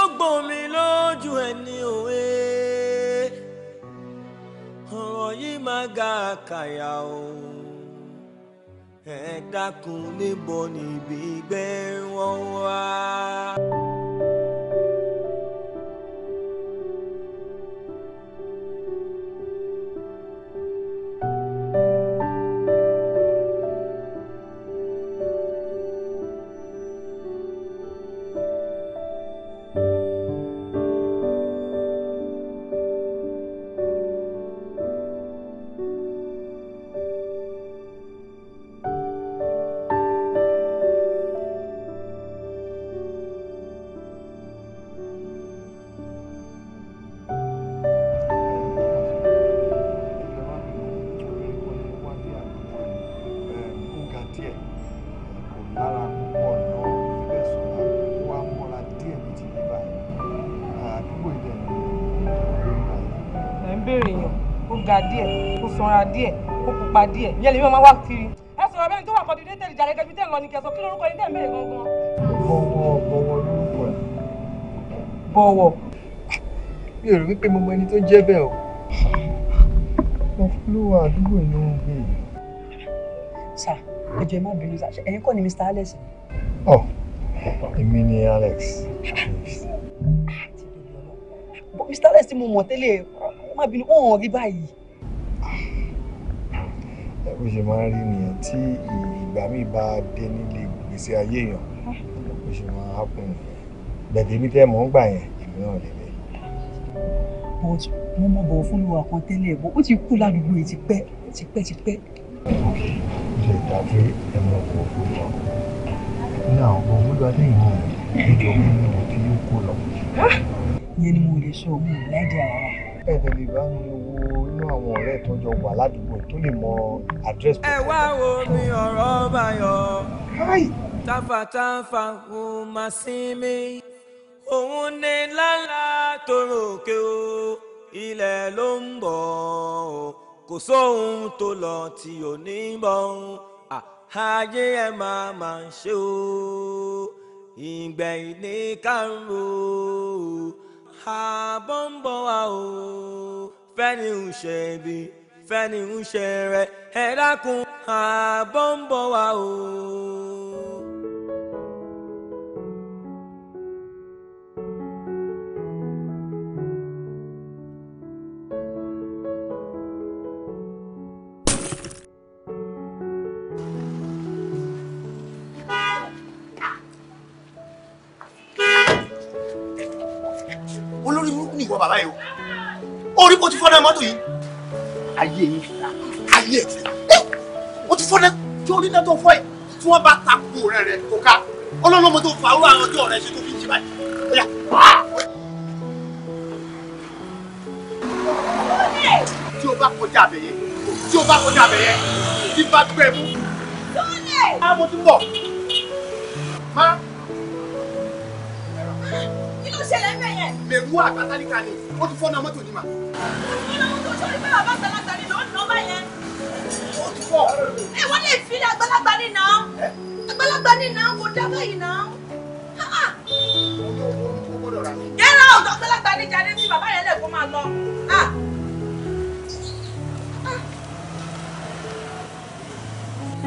A: ó gbọ́n mi lójú ẹni òwe ọ̀rọ̀ yìí máa ga àkàyà o ẹ dákun níbo níbi gbẹ́ wọ́n wá.
B: pàdé ẹ̀ yẹn lè mi máa wá
A: kiri. ẹ sọ̀rọ̀ bẹ́ẹ̀ ni tó wà kọ́ni déétẹ̀lì jàre kẹbi tẹ̀ ń lọ ní kẹsàn kí lórúkọ yín tẹ̀ ń
C: bẹ̀rẹ̀ gangan. bọ̀wọ̀ bọ̀wọ̀ lórúkọ ẹ̀.
B: bọ̀wọ̀. mi ò rò wípé mo mọ ẹni tó jẹ́ bẹ́ẹ̀ o. wọn fúlùwà àdúgbò ni wọn gbé e. ẹ má bínú sà ẹ̀yin kọ́ ni Mr. Alex. ọ èmi ni Alex. Mr. Alex ti mo mọ̀ tẹ́lẹ̀ má bínú ó hàn rí báyìí bó ṣe máa ń rí nìyẹn tí ìgbà míì bá dé nílé gbèsè ayé èèyàn bó ṣe máa hápùn nìyẹn bẹ̀dẹ̀ mi tẹ́ mọ̀ ń gbà yẹn èmi náà lè lè. but mo mọ bọ̀wọ̀ fún ìwà kan tẹ́lẹ̀ bó ó ti kú ládùúgbò yìí tipẹ́ tipẹ́ tipẹ́. ṣe ìdàgbé ẹ̀mọ ọ̀pọ̀ òfurufú ní àwọn ọmọ ọmọdé adéyìn náà níjọ mú ní ọmọ tí yóò kó lọ. ìyẹn ni mo lè sọ mo láì tó lè mọ àdírẹ́sì. ẹ wá wo mi
A: ọ̀rọ̀ bayọ̀ tafatafa kò má sí mi òun ní lálá tóró òkè o ilẹ̀ ló ń bọ̀ ọ́ kò sóhun tó lọ tí ò ní bọ̀ ọ́ ayé ẹ máa máa ṣe o ìgbẹ̀yìn ní kárò àbọ̀ ń bọ̀ wá o fẹ́ni ń ṣe bíi ìfẹ́ ni ń ṣe rẹ̀ ẹ dákun ààbọ̀ ń bọ̀ wá o.
B: tó fọ́ ẹ̀ tí wọ́n bá takò rẹ̀ rẹ̀ kó ká ọlọ́lọ́mọ tó fa àwọn ọjọ́ rẹ̀ ṣe tó fi ń jí báyìí. tí o bá kọjá àbẹ̀yẹ tí o bá kọjá àbẹ̀yẹ tí bá gbẹ mú. a mo ti bọ̀ má. kí ló ṣẹlẹ̀ ń bẹ̀ yẹn. mẹ̀rú àgbàtà ní kalẹ̀ ti fọ́nà mọ́tò ní ma. kí ló ń tó sórí bẹ́ẹ̀ bá sẹ́lá fọ. ẹ wọ́n lè fi àgbàlagbà nínà àgbàlagbà nínà kò dá báyìí nà. yẹ́rọ ọ̀dọ́ àgbàlagbà ní jáde tí bàbá yẹn lè kó máa lọ.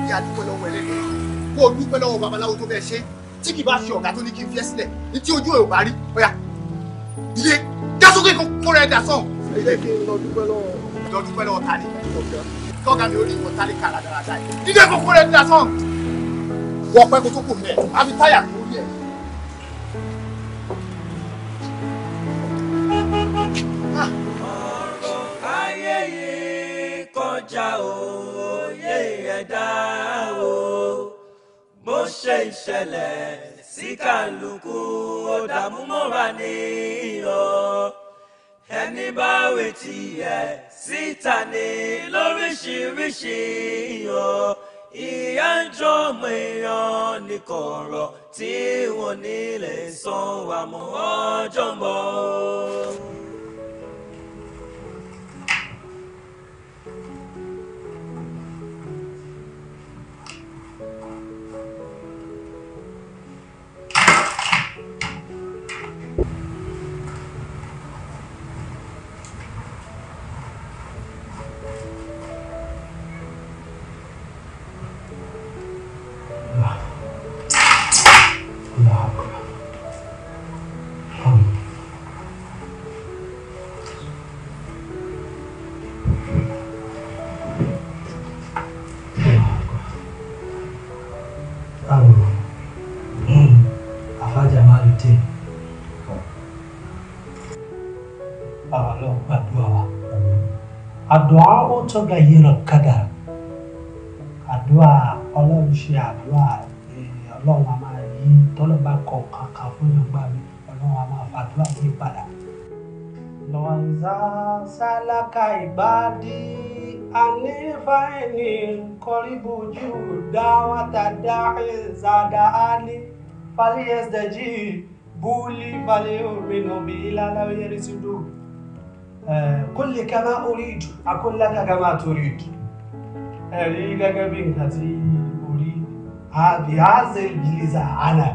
B: ìyá dúpẹ́ lọ́wọ́ ẹlẹ́dẹ̀ kó o dúpẹ́ lọ́wọ́ babaláwo tó bẹ́ẹ̀ ṣe tí kì bá ṣe ọ̀gá tó ní kí n fi sílẹ̀ ní tí ojú ẹ̀ ò bá rí ọ̀yà ilé dásókè kó rẹ̀ dà sọ̀hún. ilé kí n lọ dúpẹ́ lọ́wọ́. lọ dúpẹ́ lọ́wọ́ ta ni tọ́gà mi ò rí ìwọ̀n tálíkà rádaràdà yìí dídé kókó rẹ̀ dídá sàn wọ pẹ́ kó tó kù mẹ́ àfi táyà kó yẹ.
A: ọ̀rọ̀ ayé yìí kọjá òye ẹ̀dá o bó ṣe ìṣẹ̀lẹ̀ sí kálukú ó mọ́ra ní ìyọ̀ ẹni bá wetí ẹ síta ní lóríṣiríṣi o ìyà ń jọ ọmọ èèyàn ní kọ̀ọ̀rọ̀ tí wọn nílẹ̀ sanwó àmọ́ ọjọ́ ń bọ̀.
B: àdúrà ó tọ́gà yẹ̀rọ̀ kàdà àdúrà ọlọ́run ṣe àdúrà eh, ọlọ́run a máa yí tọ́lọ́ bá kọ kankan fún yorùbá mi ọlọ́run a máa fàdúrà yí padà. lọ́nzà sálákà ìbádí anífàìní kọ́ríbojú dáwọ́tà dáhìn zàdá áni fàlíyẹsẹ̀jì búlí fàlíyẹ̀rìnàbí ìlànà yẹrìsídò. Eh, kul kama orídù akúnlákà kama torídù ẹ̀rí gẹ́gẹ́ bí nǹkan tí orí àbí àzẹ ìgbìlẹ̀sà àná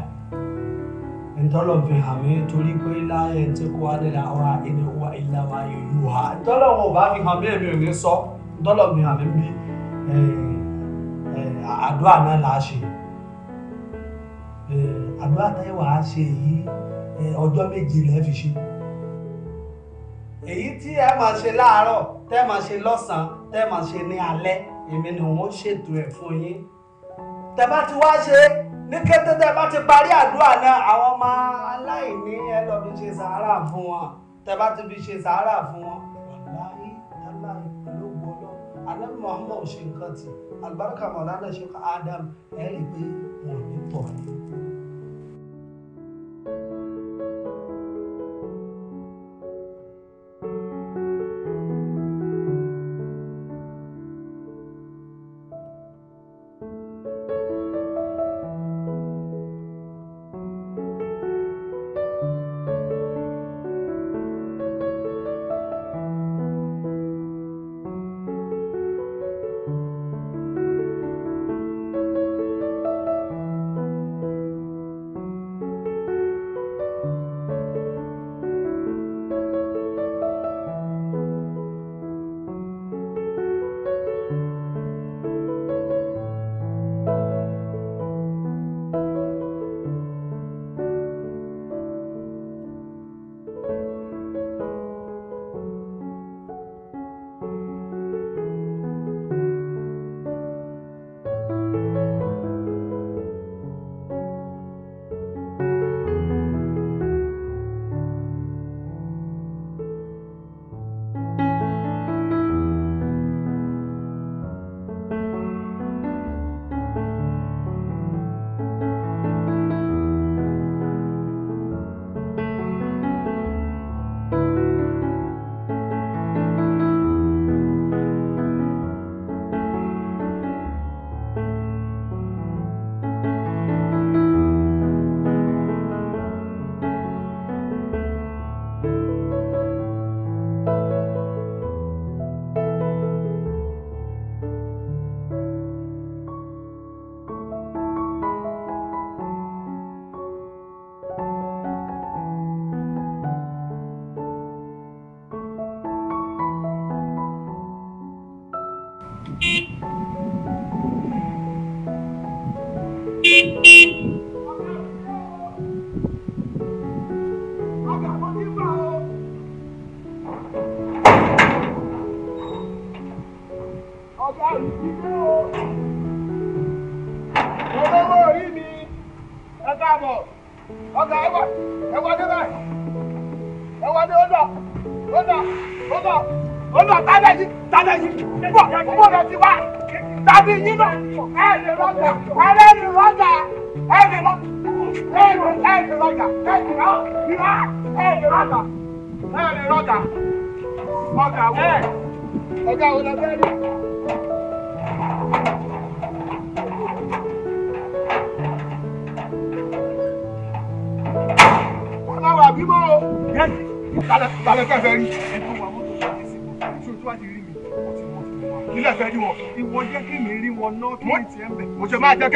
B: ntọ́lọ̀ fi hàn mí torí pé láyé tí kò wá nílẹ̀ àwọn ẹni wà
A: ilẹ̀ wa ìlú ha
B: ntọ́lọ̀ wọn ò bá fi hàn mí èmi ò ní sọ ntọ́lọ̀ fi hàn mí bí àdúrà náà là á ṣe àdúrà táyé wà á ṣe yìí ọjọ́ méje lẹ́ẹ̀ fi ṣe èyí tí ẹ máa ṣe láàárọ̀ tẹ́ máa ṣe lọ́sàn-án tẹ́ máa ṣe ní alẹ́ èmi ni wọ́n ṣètò ẹ̀ fún yín tẹ́ bá ti wá ṣe ní kété tẹ́ bá ti parí àdúrà náà àwọn ọmọ aláìní ẹ lọ fi ṣe sàárà fún wọn tẹ́ bá ti fi ṣe sàárà fún wọn wàláyé aláìní ló ṣe nǹkan tì àlùbáríkà mọ̀ọ́lá náà ṣe kọ́ Adam ẹ̀ rí i pé wọ́n ní tọ̀ ní.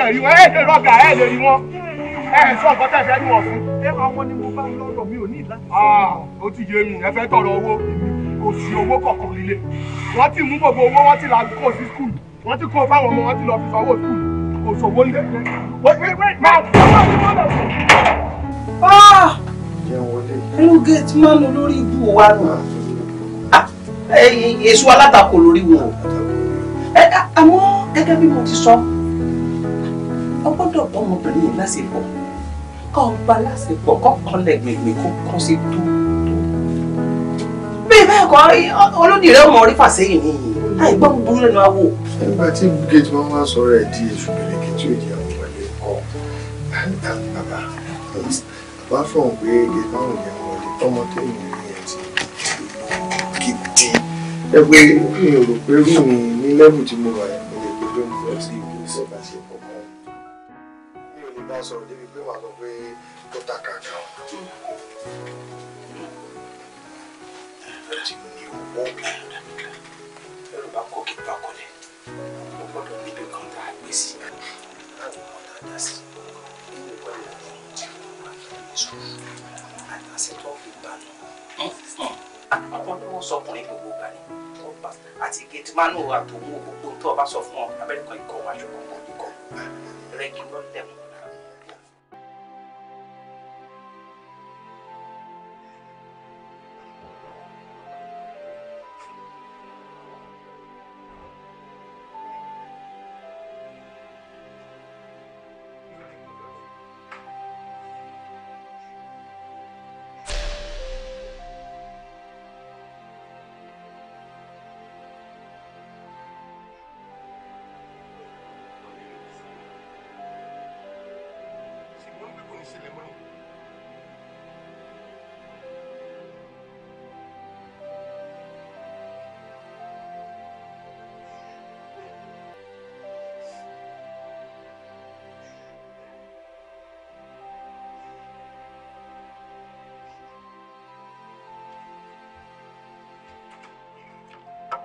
B: kẹ̀rí wọn ẹ̀ lè rọ́gà ẹ̀ lè rí wọn ẹ̀ sọ nǹkan tẹ̀ fẹ́ ní wọ̀ fún. ẹ àwọn ni mo bá ń lọ́rọ̀ mi ò ní ìlànà. Ah, ó ti yé mi ẹ fẹ́ tọrọ owó kò sí owó kọ̀ọ̀kan líle wọ́n ti mú gbogbo owó wọ́n ti là kó sí skul wọ́n ti kó fáwọn ọmọ wọ́n ti lọ fi sanwó skul kò sówó lẹ̀. Ah! inú géètì máa ń lo lórí ibú wa ah, nù èso alátakò lórí wọn àmọ́ gẹ́gẹ́ bí mo ti sọ ọgbọ́dọ̀ bọ́ ọmọbìnrin yìí lásìkò kọ́ ọba lásìkò kọ́ kọ́lẹ̀ gbègbè kó kọ́ sí tó tó. bẹ́ẹ̀ bẹ́ẹ̀ kọ́ olódìrí ọmọ orí fàṣẹyìn ni láì gbọ́ búburú lẹ́nu awo. nígbà tí gate wọn máa sọ̀rọ̀ ẹ di èṣù bèrè kí tí òjì àwọn ìwàlẹ̀ kọ́ bàbá bàbá fọ̀hún pé gate márùn yẹn wọlé ọmọ tó yìí rí ẹ ti gidi. ẹ pé mi ò rò pé rúùn ní lẹ́bù tí mo wà yẹn ṣàánú àtòwò gbogbo tó o bá sọ fún ọ abẹ́rẹ́ kan ìkọ̀ wájú kọ̀ọ̀kan.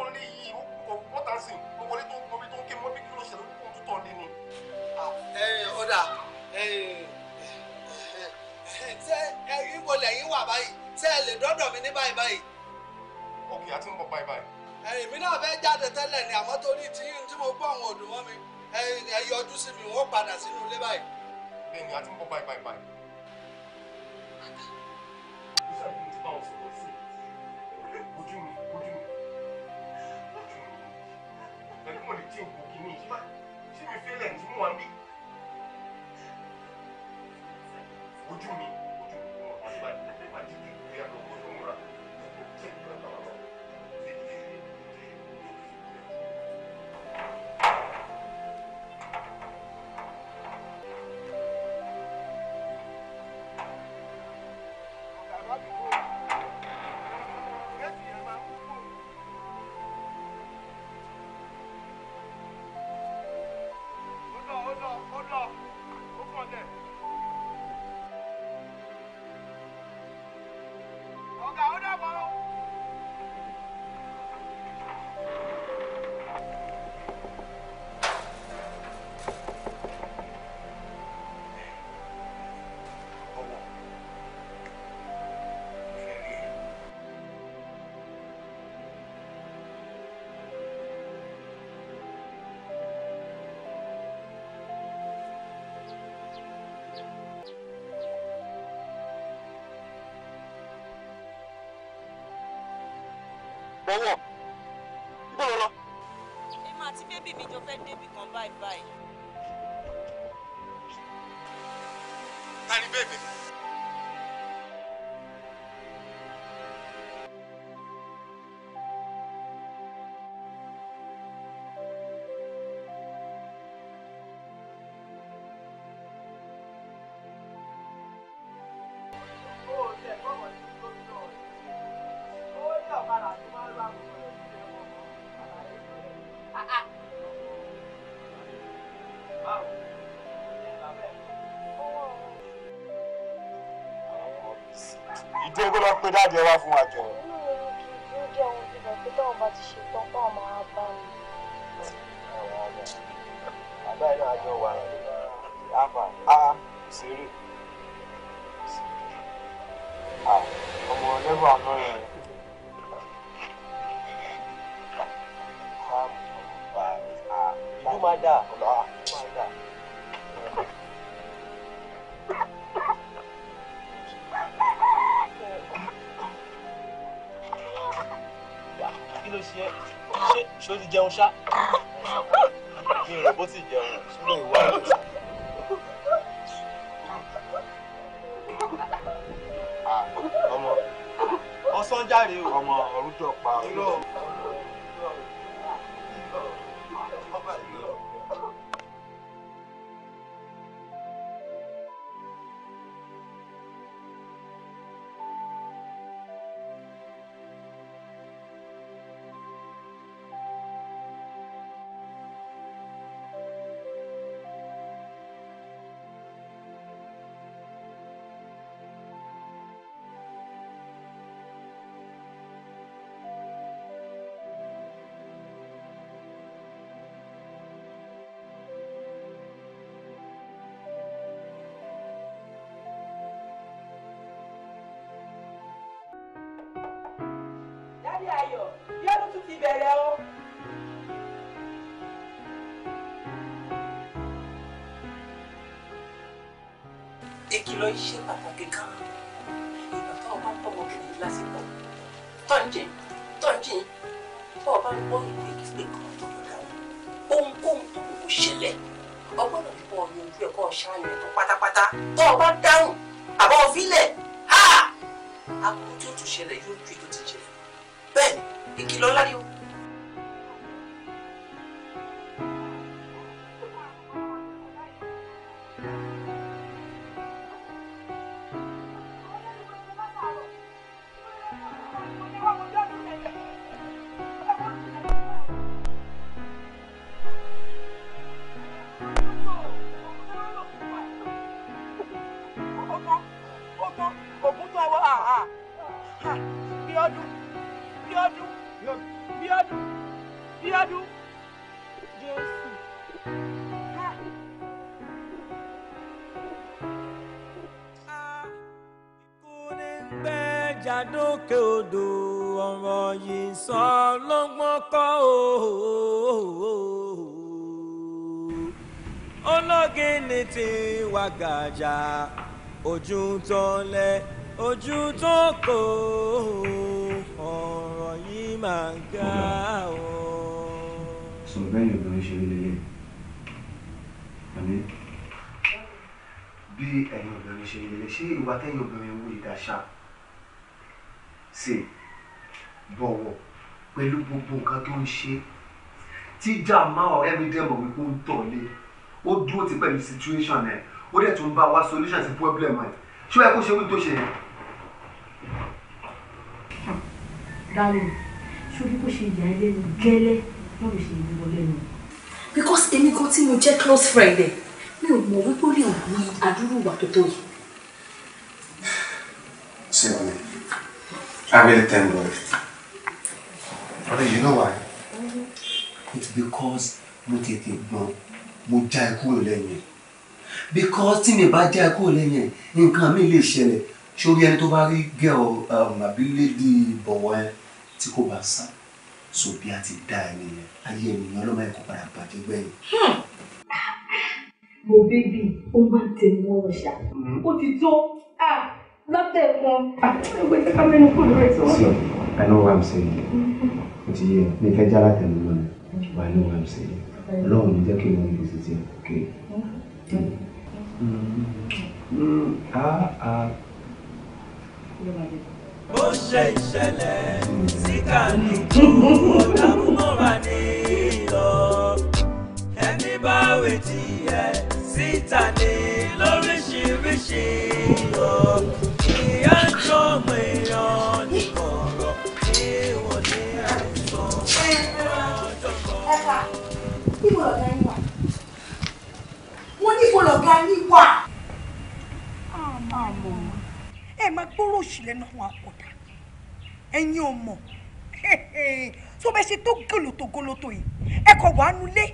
B: tó ń lé yìí wọ́n tà sí mo wọlé tó ń gbọ́ tó ń ké mọ́ bí kí ló ṣẹlẹ̀ ó kún tó lé ni. ọ̀dà tẹ ìwọ lẹ́yìn wà báyìí tẹ ẹ lè dọ́dọ̀ mi ní báyìí báyìí. ok àti ń bọ̀ báyìí báyìí. ẹ̀yìn mi náà fẹ́ jáde tẹ́lẹ̀ ni àmọ́ torí tí tí mo gbọ́ àwọn ọ̀dùn mọ́ mi ẹ̀yìn ọdún sí mi wọ́n padà sínú ilé báyìí. bẹ́ẹ̀ni àti ń bọ̀ báyìí báyìí báyìí. fi sílẹ̀ tí mo wà ń bí. Ojú mi. bọ́wọ̀ ibo lọ lọ. èmi àti bébì mi jọ fẹ́ débi kan báyìí báyìí. ta ni bébì
A: pé kó lọ pé dáàdì wá fún wa jọ. inú wọn kì
B: ọmọ lẹ́bù Ìlú máa dà. ṣó ti jẹun ṣá mi ò rò bó ti jẹun ṣùgbọ́n ìwà rẹ̀ sọ.
C: Ah, ọmọ
B: ọsán jáde ọmọ ọrùn pa ọ. jùlọ iṣẹ́ pàtàkì kan ìgbà tó o ń pọ̀ mọ́ kiri lásìkò tọ́ǹjì tọ́ǹjì tó o ń gbọ́ ìwé ìgbé kan tó lọ dára ohunkóhun tó kò ṣẹlẹ̀ ọgbọ́dọ̀ fi bọ́ ọyàn ojú ẹ̀kọ́ ṣáàyàn ẹ̀tọ́ pátápátá tó o bá dáhùn àbá òfilẹ̀ ha àkókò tí ó tún ṣẹlẹ̀ yóò ju ètò ti ṣẹlẹ̀ bẹ́ẹ̀ ìkìlọ̀ láriwo
A: wá gàjà ojú tó lẹ ojú tó kò ọ̀rọ̀ yìí máa ga o.
C: sọ bẹ́ẹ̀ obìnrin ṣe rí lélẹ̀
B: àní bí ẹ̀yin obìnrin ṣe rí lélẹ̀ ṣé ìwà tẹ́yìn obìnrin wù ìdáṣà ṣe bọ̀wọ̀ pẹ̀lú gbogbo nǹkan tó ń ṣe tíjà máa ọ̀rẹ́ mi dẹ̀ mọ̀ wípé ó ń tọ̀ lé ó dúró ti pẹ̀lú situation ẹ̀ ó dẹ̀ tún bá wa solution sí problem ẹ̀ ṣé ó yẹ kó ṣe wí tó ṣe yẹn. darling ṣóbi kó ṣe ìyá ilé mi gẹ́lẹ́ náà ló ṣe ìlú wọlé because èmi kan tí mo jẹ́ close friend ẹ̀ mi ò mọ̀ wípé ó lè wù àdúrú ìwà tó tó yìí. Sione, I really thank God. Brother, you know why? It's because mo tètè gbọ́n mo já ikú lẹ́yìn because tí mi bá já kó lẹ́yìn ẹ̀ nǹkan mi lè ṣẹlẹ̀ sórí ẹni tó bá rí gẹ̀ọ́ um, àbílédì bọ̀wọ̀ ẹ tí kò bá sá so bí a ti dá ẹ nìyẹn ayé ènìyàn ló máa ń kó padà bàjẹ́ gbẹ̀yìn. Hmm. mo bébì ó máa ń tẹnu ọ̀rọ̀ ṣá hmm. ó ti tó ah, lọ́tẹ̀ kan ẹgbẹ́ tí ká mẹ́nu kò lórí ẹ̀sọ́. so I know what I'm saying o ti yẹ mi fẹ́ jára tẹ̀lé lónìí but I know what I'm saying ọlọ́run mi jẹ́ kí n mọ ibi títí ẹ̀ okay. Mm ó ṣe ìṣẹ̀lẹ̀ sí kálukú ọ̀dàmúmọ́ra ní ìlọ
A: ẹni bá wètí ẹ̀ síta ní lóríṣiríṣi ìlọ.
B: ntwitwile ne ho akota ɛnyɛ ɔmɔ so bɛsi tó goloto goloto yi ɛkɔ wàánu lé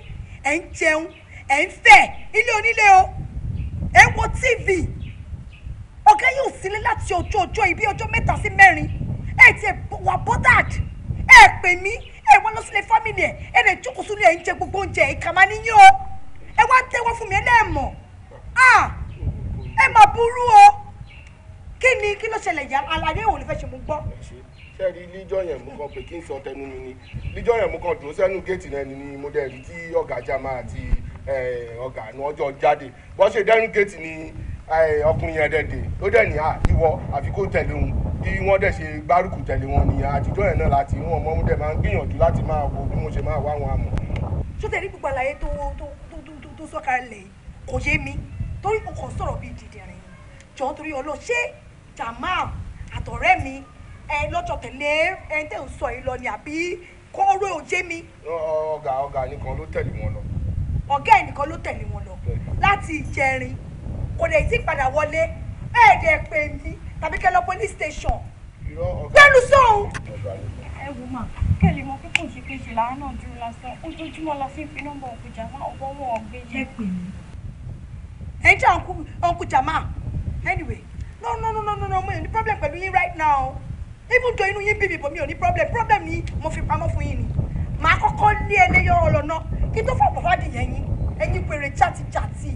B: ɛ ń jẹun ɛ ń fẹ ilé onílé o ɛ wo tv ọ̀gá yóò sílé láti ọjọ́ ọjọ́ ibi ojo mẹ́ta sí mẹ́rin ẹ ti wà e ẹ pè mí ẹ wọ́n lọ sílé fámìlì e ẹ lè jókòó sínú ẹ ń jẹ gbogbo oúnjẹ ìkàmá níyìn o ẹ wá ń tẹ́wọ́ fún mi ẹ Ah, e mà burú o kí ni kí ló ṣẹlẹ̀ yà àlàyé ìwò ló fẹ́ ṣe mú gbọ́. sẹ́ẹ̀rí níjọ́ yẹn mú kan pé kí n sọ tẹnu mi ni níjọ́ yẹn mú kan dùn sẹ́nu géètì náà ni mo dẹ̀ rí tí ọ̀gá jama àti ọ̀gá àánú ọjọ́ jáde wọ́n ṣe dẹ́nu géètì ni ọkùnrin yẹn dẹ̀dẹ̀ ló dẹ̀ ní à ìwọ àfi kó tẹ̀lé òun bí wọ́n dẹ̀ ṣe gbárùkù tẹ̀lé wọn nìyẹn àtijọ́ yẹn náà láti wọn ọmọ dẹ̀ máa ń gbìyànjú láti máa wo bí mo ṣe máa wá wọn àmọ́. sọ́tẹ̀ ní gbogbo àlàyé tó tó tó tó sọ́kalẹ̀ kò yé mi torí o kò sọ̀rọ̀ bíi dìdìrín jọ̀ọ́ torí ọlọ́ọ̀ ṣé Jamal àtọ̀rẹ́ mi ẹ lọ́jọ́ tẹ̀lé ẹ tẹ̀ ń sọ yìí lọ ni àbí kóró òjé mi. ọ̀gá ọ̀gá nìkan ló tẹ̀lé wọn lọ. ọ̀gá ẹ̀ nìkan ló tẹ̀lé wọn lọ láti ìjẹrin kò lè ti padà wọlé ẹ̀ẹ́dẹ̀ pè mí tàbí kẹ́ lọ police station. gbẹ́nu sóhun. ẹ wò má kẹ́lẹ̀ mọ pé kò ṣe pé ṣe làwọn náà dúró lásán ojoojúmọ́ la fi ń fi nọ́mbà òkú Jamal ọgbọ́n wọn ọ̀gbẹ́ jẹ́ ẹ jẹ́ ọ̀nkú Jamal anyway no no no no no no mo ní problem pẹ̀lú yín right now even though inú yín bí mi bò mi ò ní problem problem ni mo fi pamọ́ fún yín ni màá kọ́kọ́ lé ẹlẹ́yọ ọlọ́nà kí tó fọ́ bàbá dìyẹ yín ẹ̀yin pèrè jàtijàti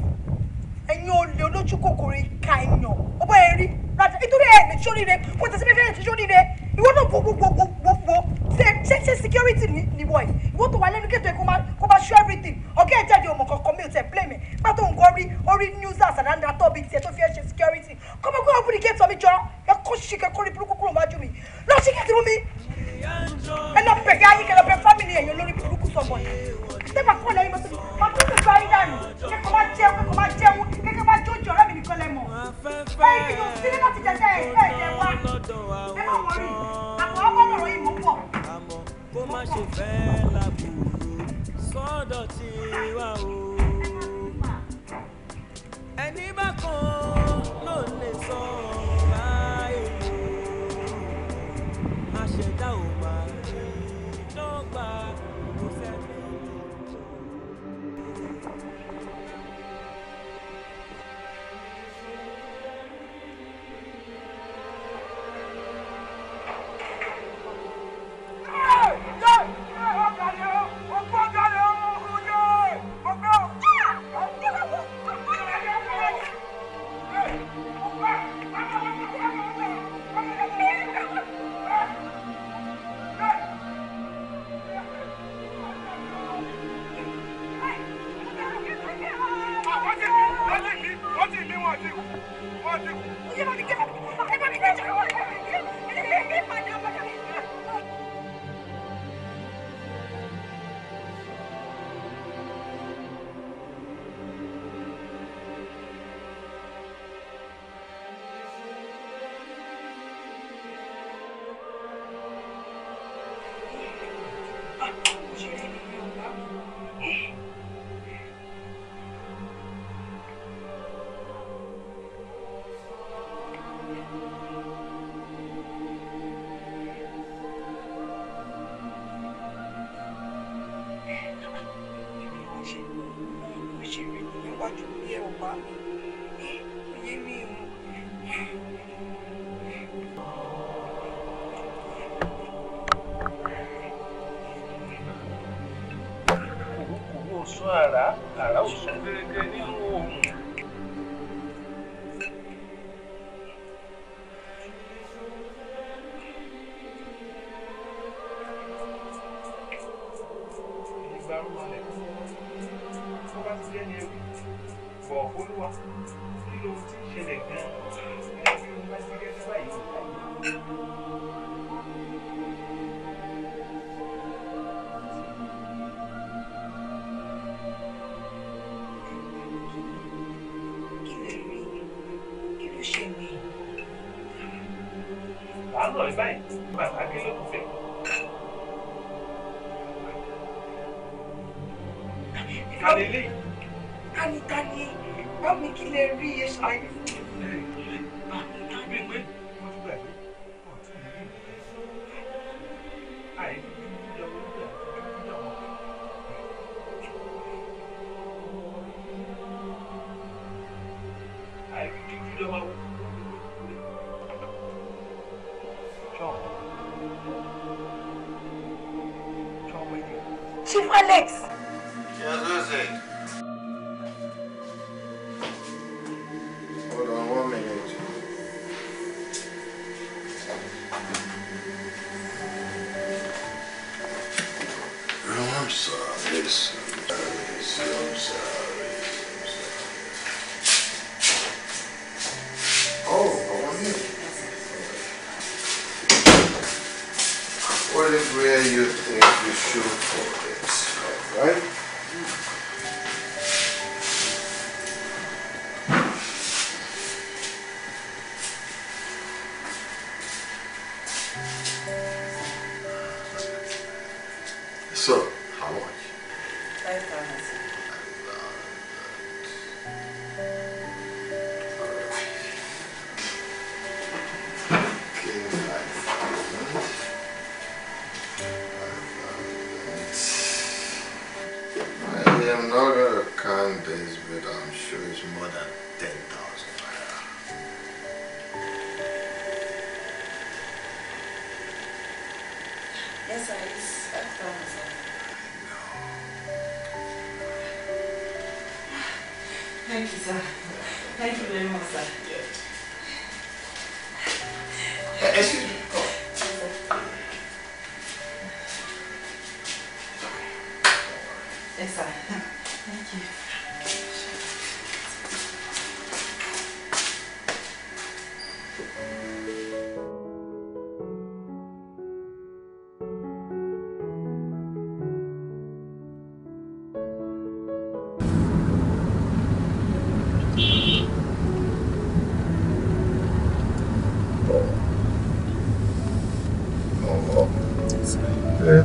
B: ẹ̀yin olè olójú kòkòrò ìka ẹ̀yàn ó bọ́ ẹ̀rí rájà nítorí ẹ̀ lè sórí rẹ kó tẹ̀sí fẹ́fẹ́ lè sórí rẹ ìwọ náà gbogbogbogbogbò ṣe ṣe security níwọ̀ yìí ìwọ tó wà lẹ́nu kí ètò ẹ̀ kó máa ṣọ́ everything ọ̀gá ẹ̀ jáde ọmọ kankan mi ò tẹ̀ blame ẹ̀ pátó nǹkan orí orí news àsàdáńdà tó bíi tiẹ̀ tó fi ẹ̀ ṣe security kọ́mọ kó àbúrò gé tọ́ mi jọ ẹ kó ṣì kẹ́ kó rí burúkú kúrò wájú mi lọ sí gẹ̀ẹ́tì mú mi ẹ lọ bẹ̀ yá yín kẹ́ lọ bẹ̀ fámìlì ẹ̀yàn lórí burúkú sọ̀bọ̀ ni tẹ́gbà kọ́ lẹ́yìn mọ́tò mi máa tó ti gba ayé dànù kẹ́kọ̀ọ́ máa jẹun kẹ́kọ̀ọ́
A: máa jẹun kẹ́kọ̀ọ́ máa jójú ọ̀rẹ́ mi nìkan lẹ mọ̀ ẹ ìyọ̀ sílé láti jẹjẹ ẹ ẹ jẹ wá ẹ má wọrí àmọ́ ọgbọ́n ọ̀rọ̀ yìí mọ̀ pọ̀. àmọ́ kó má ṣe fẹ́ làbùrù sọ́dọ̀ tí wà ó ẹni bá kan ló lè sọ ọ́.
B: eu acho que me é roubar.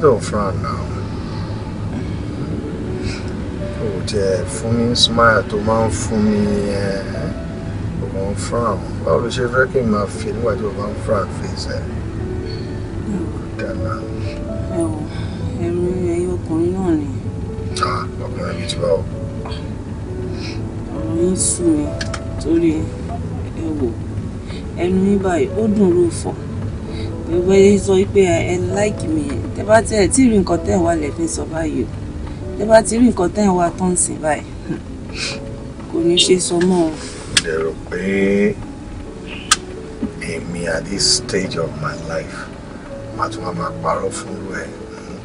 B: little frown now. Ó jẹ́ fún mi smile tó máa ń fún mi ẹ̀ eh, ò máa frown. Báwo ló ṣe fẹ́ kí n máa fi nígbà tí o máa ń frown face ẹ̀? Dànà. Ẹ o, ẹ̀rù ẹ̀yìn ọkùnrin náà ni. Ọkùnrin bíi ti báwo? Ọ̀rọ̀ yín sú mi torí ẹ wò ẹnu yín báyìí ó dùn ló fọ̀. Bẹ́ẹ̀ bẹ́ẹ̀ sọ pé ẹ like me tẹ bá tẹ tí rí nǹkan tẹ ẹ wà lẹfin sọ báyìí o tẹ bá ti rí nǹkan tẹ ẹ wà tán sí báyìí kò ní ṣe sọ mọ́ o. dẹ̀rọ pé èmi at this stage of my life màá tún máa parọ́ fún irú ẹ̀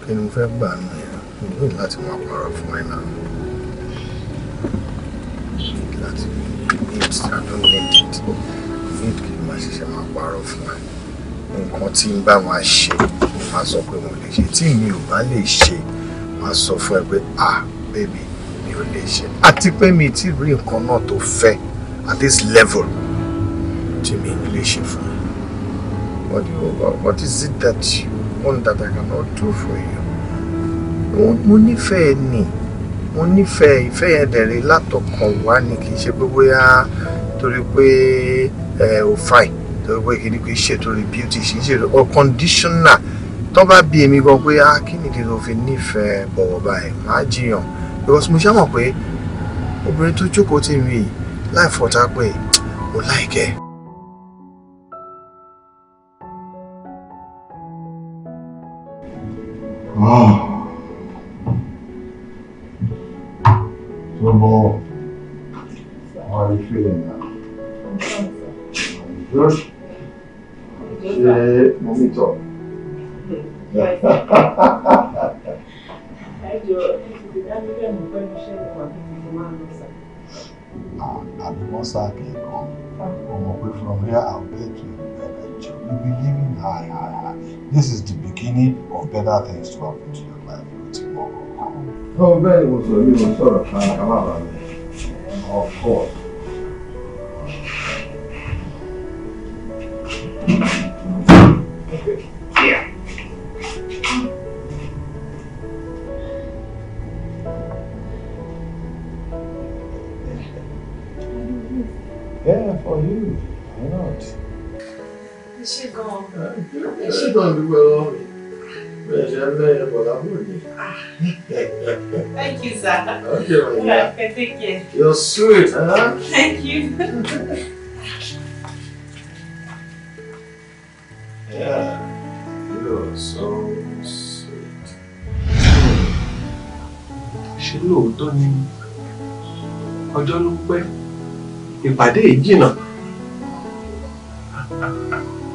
B: kí ni mo fẹ́ gbà nù yẹn mo ní láti máa parọ́ fún ẹ náà láti need I don't need it kí n máa ṣiṣẹ́ máa parọ́ fún ẹ nǹkan tí n bá máa ṣe máa sọ pé mo lè ṣe tí mi ò bá lè ṣe máa sọ fún ẹ pé ah baby mi ò lè ṣe àti pé mi ti rí nǹkan náà tó fẹ́ at this level tí mi ò lè ṣe fún What, do you, what is it that you want that I cannot do for you? Mo nífẹ̀ẹ́ ni mo nífẹ̀ẹ́ ìfẹ́ yẹn dẹ̀rẹ̀ látọkàn wá ni kì í ṣe pé bóyá torí pé ẹ eh, ò fine torí pé kì í ṣe torí beauty ṣì ń ṣe unconditional tó bá bí èmi gan pé ah kí ni kí n lọ fi nífẹ̀ẹ́ bọ̀wọ̀ báyìí máa jiyàn because mo ṣáà mọ̀ pé obìnrin tó jókòó tì mí láì fọ̀tá pé mo láìkẹ́. Good. sack ẹ̀kọ́ ọmọ pé from here I'll get to you will be living high high high this is the beginning of better things to happen to your life ló ti mọ̀ ọ́. tó bẹ́ẹ̀ ni mo sọ mi ò sọ̀rọ̀ kan of course. for you. Why not? Is she gone? Ah, uh, is she gonna do well on me? Thank you, sir. Okay, my dear. Yeah, take care. You're sweet, huh? Thank you. yeah, you're so sweet. Ṣé lóòótọ́ ni ọjọ́ ló pẹ́? ìpàdé yìí jìnnà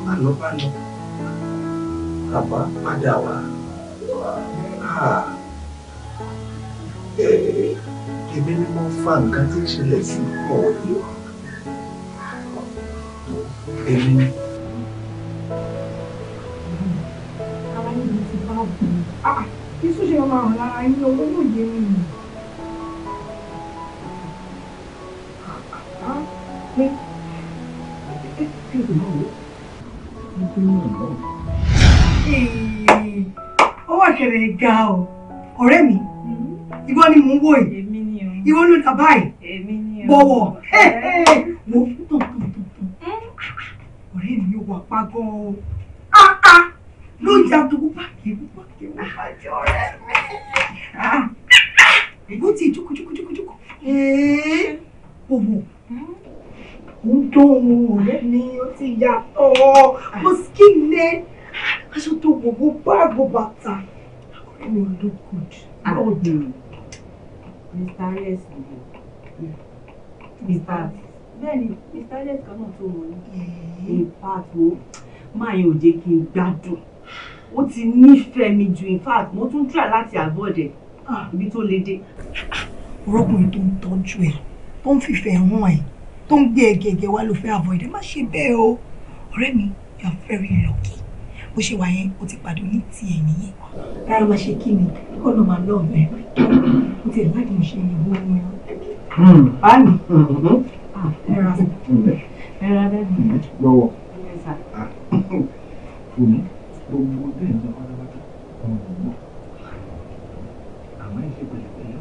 B: bá lọ bá lọ àbá padà wá ah. èmi ni mo fa nǹkan tí ń ṣẹlẹ̀ sí ọ̀wọ́ yìí èmi ni. ara yìí ti ah, máa hàn lára yín olówó yé nìyí.
A: ó wà kẹrẹ ga ọ
B: ọ̀rẹ́ mi ìwọ ni mò ń wò yìí ìwọ ló dà báyìí bọ̀wọ̀ mo fún tàn tàn tàn ọ̀rẹ́ mi ò wà pa gan o ah, ah. ló ń ja tó wúpa kí
C: wúpa kí wúpa jẹ ọ̀rẹ́ mi.
B: ìbú ah, ti jókòó jókòó jókòó jókòó. bọ̀wọ̀ ń dùn ún rẹ ni ó ti yàtọ̀ ó skin lé aṣọ tó gbogbo báàgò bàtà ọ̀rẹ́ mi ò ló good. Ah. Mr. Hmm. Alex ni Mr.
A: bẹ́ẹ̀ni Mr. Alex kan náà tó mọ̀ ní
B: ipa tó máa yàn ò jẹ́ kí n gbádùn ó ti nífẹ̀ẹ́ mi jù in fact mo tún try láti avoid ẹ̀ ah. ibi tó le dé. rọ́gùn tó ń tọ́jú ẹ̀ tó ń fìfẹ́ hàn ẹ̀ tó ń gbé egègè wá ló fẹ́ avoid ẹ má ṣe bẹ́ẹ̀ o ọ̀rẹ́ mi you very lucky bó ṣe wà yẹn o ti pàdé ní tiẹ̀ nìyẹn. rárá máa ṣe kí ni kó ló máa lọ́ọ̀ hmm. mm-hmm. mm-hmm. bẹ́ẹ̀ o ti láti mo ṣe ìyàwó mi o. báyìí ẹ̀rọ ẹ̀rọ ẹ̀rọ. lọ́wọ́ fúnmi gbogbo bẹ́ẹ̀ ní ọ̀rọ̀ wájú ọ̀rọ̀ gbogbo àmọ́ ìṣe pẹ̀lẹ́pẹ̀lẹ́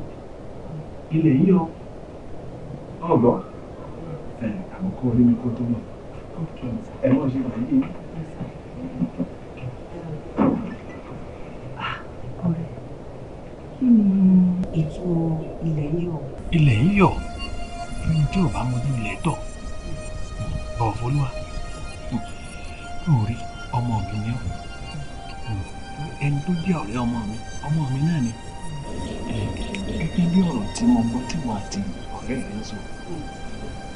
B: ilẹ̀ yìí ọ ọ̀gbọ́n àmọ́ yìí. ọ̀rẹ́ kí ni tí ò bá mojú ilẹ̀ tọ̀ bọ̀ fọlúwa lórí ọmọ mi ni ọ ẹni tó jẹ́ ọ̀rẹ́ ọmọ mi ọmọ mi náà ni gẹ́gẹ́ bí ọ̀rọ̀ tí mo gbọ́ tí mo àti ọ̀rẹ́ rẹ sọ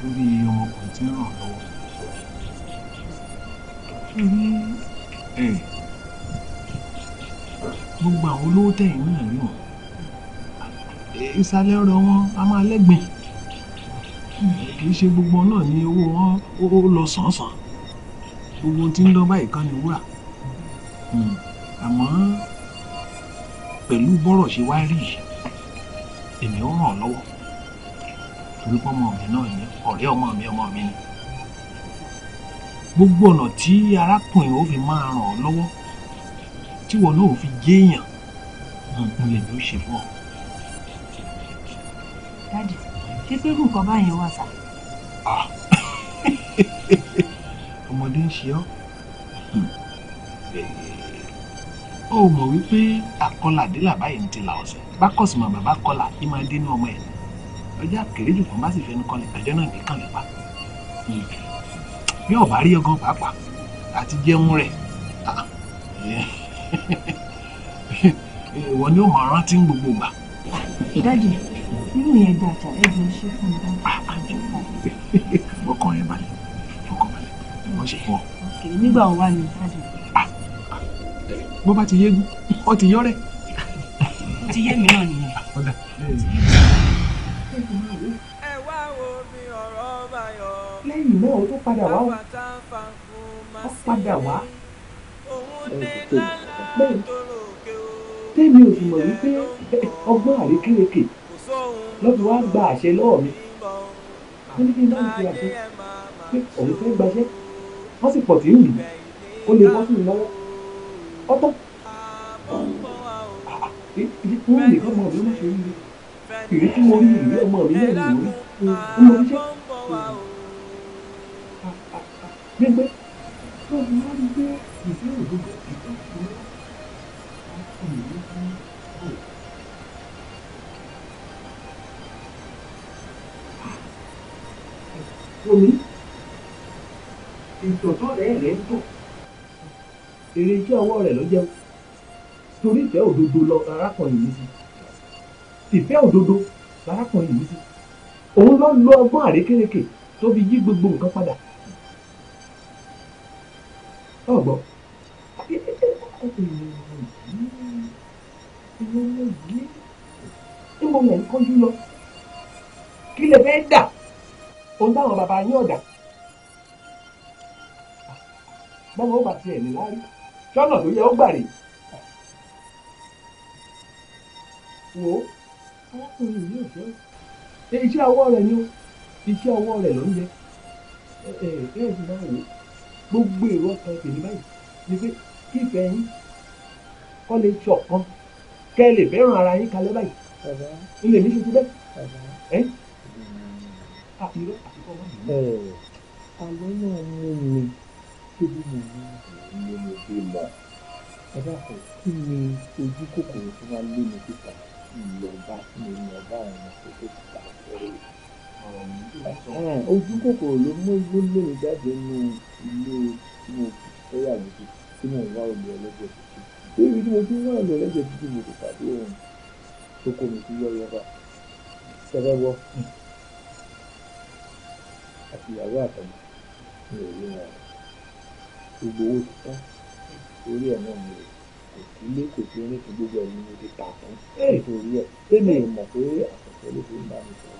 B: lórí ọmọkùnrin tí ń ràn lọ́wọ́ ẹ gbogbo àwọn olówó tẹ̀yìn náà rí ìsàlẹ̀ ọ̀rọ̀ wọn a máa lẹ́gbìn kì í ṣe gbogbo náà ni owó wọn ó lọ sànsàn gbogbo tí ń dán báyìí kan ní wúrà hmm, àmọ́ pẹ̀lú bọ́rọ̀ ṣe wá rí èmi ó ràn lọ́wọ́ wípé ọmọ mi náà ni ọ̀rẹ́ ọmọ mi ọmọ mi ni gbogbo ọ̀nà tí arákùnrin ò fi máa ràn ọ́ lọ́wọ́ tí wọn náà ò fi jéèyàn nǹkan lè ló ṣe fún ọ. dáàdì ṣé pé kí nǹkan báyẹn wà sá. ọmọdé ń ṣe ọ́ hmm. ó mọ̀ wípé àkọlà dé làbáyé ń ti là ọ̀sẹ̀ bákọ̀sì mọ̀ bàbá kọlà kí máa ní ọmọ ẹ̀ ọjọ́ àkèrè jù tán bá sì fẹnu kanlẹ̀ tọ́jọ́ náà ní kanlẹ̀ pa bí ọba rí ọgán pàápàá àti jẹun rẹ̀ ìwọ ni ó máa rántí ń gbogbo gbà. dájú irú yẹn jà jà ẹjọ ṣe fún mi dájú. ọkàn yẹn balẹ̀ ọkàn balẹ̀ wọ́n ṣe fún ọ. nígbà wo wá ni dájú. bó bá ti yégún ọ ti yọ ó ti yé mi náà nìyẹn. lẹ́yìn náà ó tó padà wá ó padà wá bẹ́ẹ̀ tèmi ò sì mọ̀ wípé ọgbọ́n àrékérekè lọ́bi wá gba àṣẹ lọ́wọ́ mi wọ́n ní kí n náà ṣe àṣẹ pé òun fẹ́ gbaṣẹ́ wọ́n sì pọ̀ tí ń lù ó lè bọ́ sí mi lọ́wọ́ ọtọ́ wọ́n lè kọ́ ọmọ mi ó má ṣe rí mi ìrísí wọn rí ìrírí ọmọ mi náà nìyí ó lọ fi gbígbé tó fi wá rí pé ìfẹ́ òdodo ìfẹ́ òdodo
A: ọkọ ìlú fún
B: ọ. omi ìtọ̀tọ̀ rẹ̀ rẹ̀ ń tọ̀ èrè iṣẹ́ ọwọ́ rẹ̀ ló jẹun torí ìfẹ́ òdodo lọ arákùnrin yìí sí ìfẹ́ òdodo arákùnrin yìí sí òun ló lo ọgbọ́n àrékérekè tó fi yí gbogbo nǹkan padà ọgbọ níbo lẹ ń kọjú lọ kí lè fẹ́ dà ohun táwọn bàbá yín ọ̀dà bọ́mọ ó bàtí ẹ̀ ní láàrí sọ́nà tó yẹ ó gbà rè wò ó yìí ò fẹ́ iṣẹ́ ọwọ́ rẹ̀ ni iṣẹ́ ọwọ́ rẹ̀ ló ń jẹ ẹ ẹ ẹ ẹ ti máa wò ó gbogbo èrò ọkàn tèmi báyìí ni pé kí ìfẹ́ yín kọ́ lè ṣọ̀kan kẹ́ ẹ lè fẹ́ràn ara yín kalẹ̀ báyìí ilé mi ṣe ti bẹ́ẹ̀ ẹ́ àpérò àpérò máa ń bọ̀. náà mú mi ṣé bí ní ìlú mi ṣe mọ̀ ẹ̀dá kò kí ni ojú kòkòrò tó máa lé mi síta ìlọba tí ọmọ tó tó ti ta ọ̀rẹ́ yìí ojú kòkòrò ló mú ló lé mi jáde nínú ilé tí mo fẹ́yàwó sí tí mo wá olè ọlọ́jọ́ tuntun débi tí mo ti wá olè ọlọ́jọ́ tuntun mo kò pàdé òun tó kó mi sí yọ́yọ́ bá sẹ́fẹ́ wọ́ àti ìyàwó àtọ̀mọ́ mi ò rí wọn gbogbo owó ti tán orí ẹ̀ náà mi ò kò sí ilé kò sí oníkùn gbogbo ẹ̀ ni mo ti tà fún nítorí ẹ̀ tẹ́lẹ̀ mọ̀ pé àkọ́kọ́ ló fi ń bá mi sọ̀rọ̀.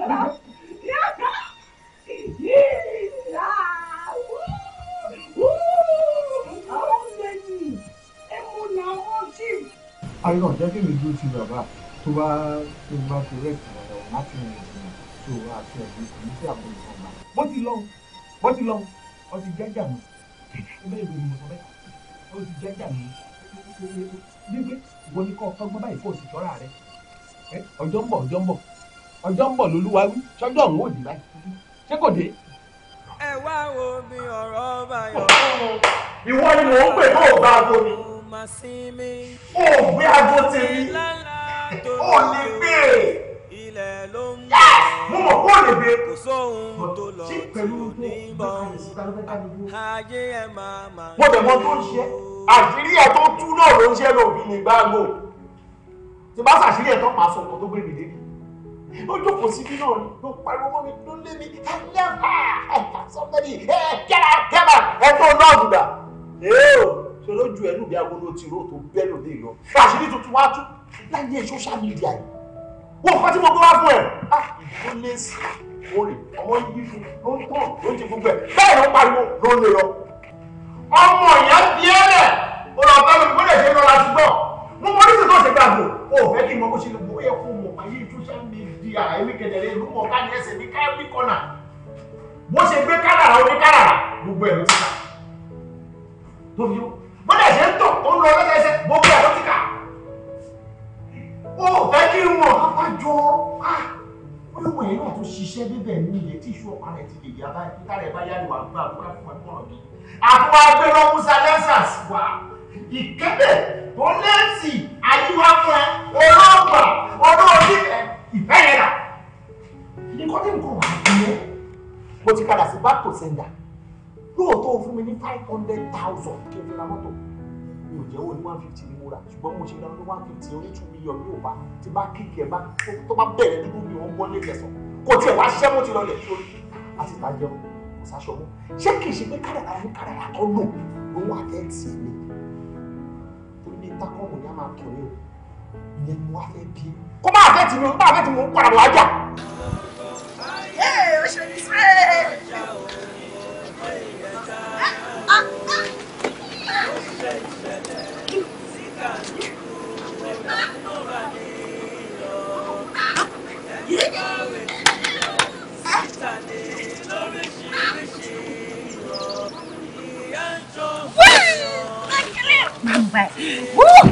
B: ayọ̀ ọ̀jẹ́ kí mi dúró ti bàbá tó bá tó bá fi rẹ́ẹ̀tì ọ̀rọ̀ láti rìn ìrìn tó àti ẹ̀mí kò ní sí àbúrò kan bá. bó ti lọ bó ti lọ ọ ti jẹ́jà mi ẹgbẹ́ ìgbè ni mo bẹ́ẹ̀ ó ti jẹ́jà mi wípé ìwọ ni kò ọgbọ́n báyìí kò sì tọ́ra rẹ ọjọ́ ń bọ̀ ọjọ́ ń bọ̀ ọjọ́ ń bọ̀ lólúwa wí sọ́jọ́ òun ò dì báyìí ṣé kò dé. ẹ wá wo
A: mi ọ̀rọ̀ báyọ̀.
B: ìwọ ni mò ń pè tó o gba
A: aago mi. o ò gbé aago tèmi o lè gbé e. mo mọ̀ kó lè gbé. kò sóhun tó lọ tó níbọn ayé ẹ máa máa. mo bẹ̀ mọ tó ń ṣe
B: àṣírí ẹ̀ tó tú náà ló ń ṣe lóbi nígbà gbò tí bá ṣàṣírí ẹ̀ tó pa sọ̀tọ̀ tó gbé mi débi ó jókòó sí bí náà ló pariwo mọ́ mi ló lé mi somebody kẹ́ra kẹ́ra ẹ tó lọ́ọ̀dù dà yóò ṣe lójú ẹ lùbí agolo ti ró tó bẹ́ẹ̀ lòdì lọ àṣírí tuntun wá tú láyé social media yìí wọ́n kọ́ tí mo gbé wá fún ẹ̀ ó lé sí orí ọmọ yíṣu ló ń tàn ló ń ti gbogbo ẹ̀ bẹ́ẹ̀ ló pariwo ló ń lè lọ. ọmọ ìyá fi ẹ́ lẹ̀ ó lọ bá mi kó lè ṣe lọ́la ṣùgbọ́n mo mọ oríṣi tó ṣe gbàgbọ́ ó àyà èmi kẹ̀dẹ̀rẹ̀ ìlú mọ̀ká ní ẹsẹ̀ ní káyọ̀bí kọ́nà bó ṣe gbé kádàrà ó ní kádàrà gbogbo ẹ̀ ló ti kà tó fi bọ́dà ṣe ń tọ̀ ó ń lọ lẹ́sẹsẹ gbogbo ẹ̀ ló ti kà ó fẹ́ kí n mọ̀ pápájọ olówó yẹn náà tó ṣiṣẹ́ bíbẹ̀ ní ilẹ̀ tí ìṣú ọ̀pá rẹ̀ ti lè yá báyìí kíkà rẹ̀ bá yára wà gbà tó bá fún ẹ̀kọ́ rẹ̀
A: àfọwọ́ agbẹ́rọ musa
B: lẹ́sàs wà ìkẹ́bẹ̀ tó lẹ́sì ayíwá fún ẹ olóògbà olóògbà ìfẹ́ yẹn rà nǹkan tí nǹkan wà á fún yẹn mo ti padà sí back to sender lóòótọ́ o fún mi ní five hundred thousand kí n fi ra mọ́tò mi ò jẹ́wọ́ ní one fifty ni mo rà ṣùgbọ́n mo ṣe ra ní one fifty oní two million ní òbá tí bá kíkì ẹ̀ bá tó bá bẹ̀rẹ̀ dúdú mi ò ń bọ́ lé kẹsàn kò tiẹ̀ wá ṣẹ́ mo ti lọ lẹ̀ sórí àti ìtajẹun kò sáṣọ mọ́ ṣé kì í ṣe pé kádàrà ní kádàrà kan lò ló wà tẹ́ẹ̀tì mi torí ní tákọ́ọ̀mù ni a máa tọ̀ ní o ìyẹn ni wàá fẹ́ bí. kó má fẹ́ tì mí má fẹ́ tì mí kó padà wàá jà.
C: ó ṣe ní sẹ́ẹ̀.
B: Woo!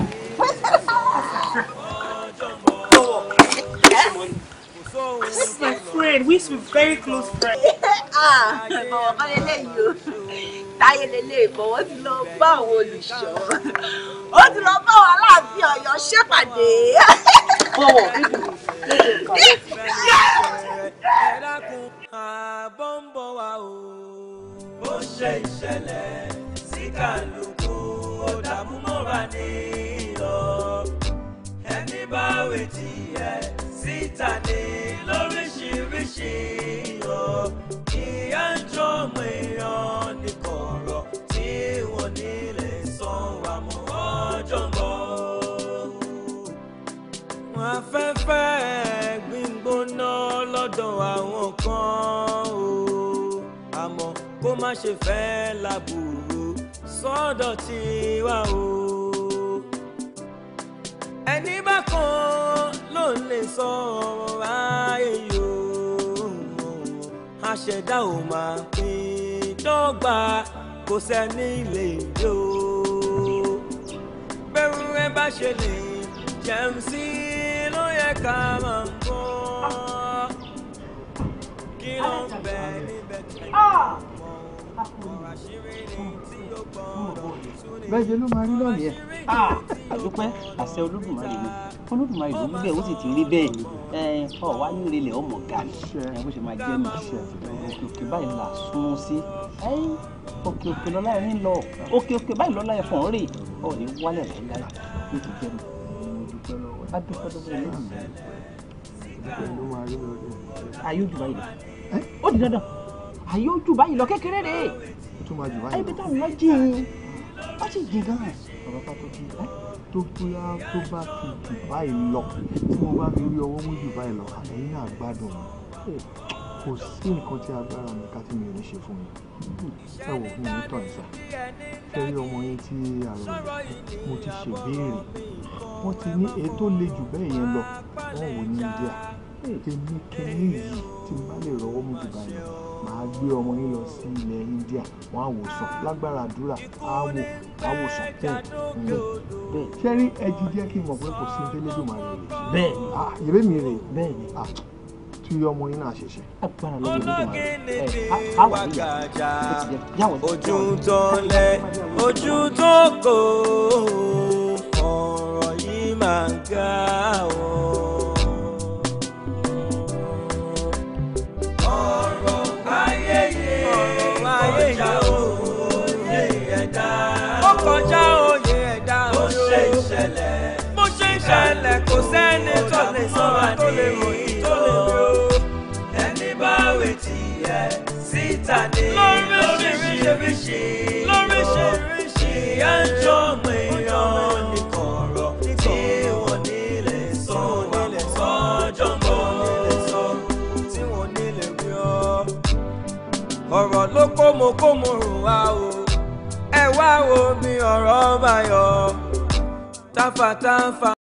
B: friend we should be very close friend. Ah, ọ̀rọ̀ kan lélẹ́yìí o táyé lélẹ́ ìbọ̀wọ́ ti lọ bá àwọn olùṣọ́ ó ti lọ bá àwọn aláàfin ọ̀yọ́ ṣèpàdé. bọ̀wọ̀ ààbọ̀ oh, bọ̀ wá o. bó ṣe ìṣẹ̀lẹ̀ sí kálukú ọ̀dààmú
A: mọ́ra ní ìlọ ẹni bá wetí ẹ̀ síta ní lórí ṣe lọ ìyá ń jọmọ èèyàn ní kọ̀rọ̀ tí wọ́n nílẹ̀ sọ wà mọ́ ọjọ́ ń bọ̀. afẹ́fẹ́ gbígbóná lọ́dọ̀ àwọn kan o àmọ́ kó má ẹni bá kan ló lè sọ ọ̀rọ̀ ayé yìí ṣẹ̀dá ò máa pín dọ́gba kò sẹ́ni lè jó bẹ́rù ẹ bá ṣe lè jẹun sí ló yẹ ká máa ń kọ́ kí ló ń bẹ níbẹ̀ tó ń bọ̀ ọ̀rọ̀ àṣírí ni tí ó gbọ́dọ̀ bẹ́ẹ̀ ló máa
B: ah, rí lọ́ọ̀lì ẹ̀. àdúpẹ́ àṣẹ olódùmarè ni olódùmarè ló wí bẹ́ẹ̀ ó sì ti rí bẹ́ẹ̀ ni ọ wá ní ìrẹ̀lẹ̀ ọmọ ọ̀gá ni ẹ bó ṣe máa jẹ́ mi òkè òkè báyìí là sún sí òkè òkè lọ́lá ẹ̀ ń lọ òkè òkè báyìí lọ́lá ẹ̀ fọ̀n rè ọ̀ ní wálẹ̀ láíláí ló ti jẹ́ mi adúpẹ́ lọ́wọ́ olódùmarè ayé ojú báyìí lọ ó di dandan ayé ojú báyìí lọ kékeré rè é ayé bí táwọn yá jìn ó sì jìn gan ẹ̀ ọ̀rọ̀ pátó kí ẹ tó bóyá tó bá fi jù báyìí lọ tí mo bá fi rí ọwọ́ mú jù báyìí lọ àlẹ́yìn náà gbádùn mi kò sí nǹkan tí agbára mi ká tí mi ò ní ṣe fún mi
A: hm, ẹ wò fún mi tàn ìsà fẹ́rí ọmọ yẹn tí àrò mo ti ṣèbéèrè wọ́n ti ní èyí tó le jù bẹ́ẹ̀ yẹn lọ wọ́n wò
B: ní india èmi kìíní yìí tí n bá lè rọwọ́ mú jù báyìí lọ màá gbé ọmọ yín lọ sí ilẹ̀ India wọn àwòsàn lágbára àdúrà àwò àwòsàn bẹ́ẹ̀ bẹ́ẹ̀ sẹ́rí ẹjì jẹ́ kí n mọ̀ pé kò sí délébù màá rẹ̀ bẹ́ẹ̀ yẹ̀bẹ́ ah, mi rè bẹ́ẹ̀ ni ah, tí ọmọ yín náà ṣẹ̀ṣẹ̀.
A: ojú tó lẹ ojú tó kò ọ̀rọ̀ yìí máa ń ga ọ́. ṣẹlẹ̀ kò sẹ́ni tó lè sọ́ra tó lè ròyìn tó lè ro. ẹni bá wètí ẹ síta ní lóríṣiríṣi lóríṣiríṣi ìyá ń jọ ọmọ èèyàn nìkan. ọ̀rọ̀ ló kómokómo rò wá o ẹ wá wo mi ọ̀rọ̀ bá yọ tafa.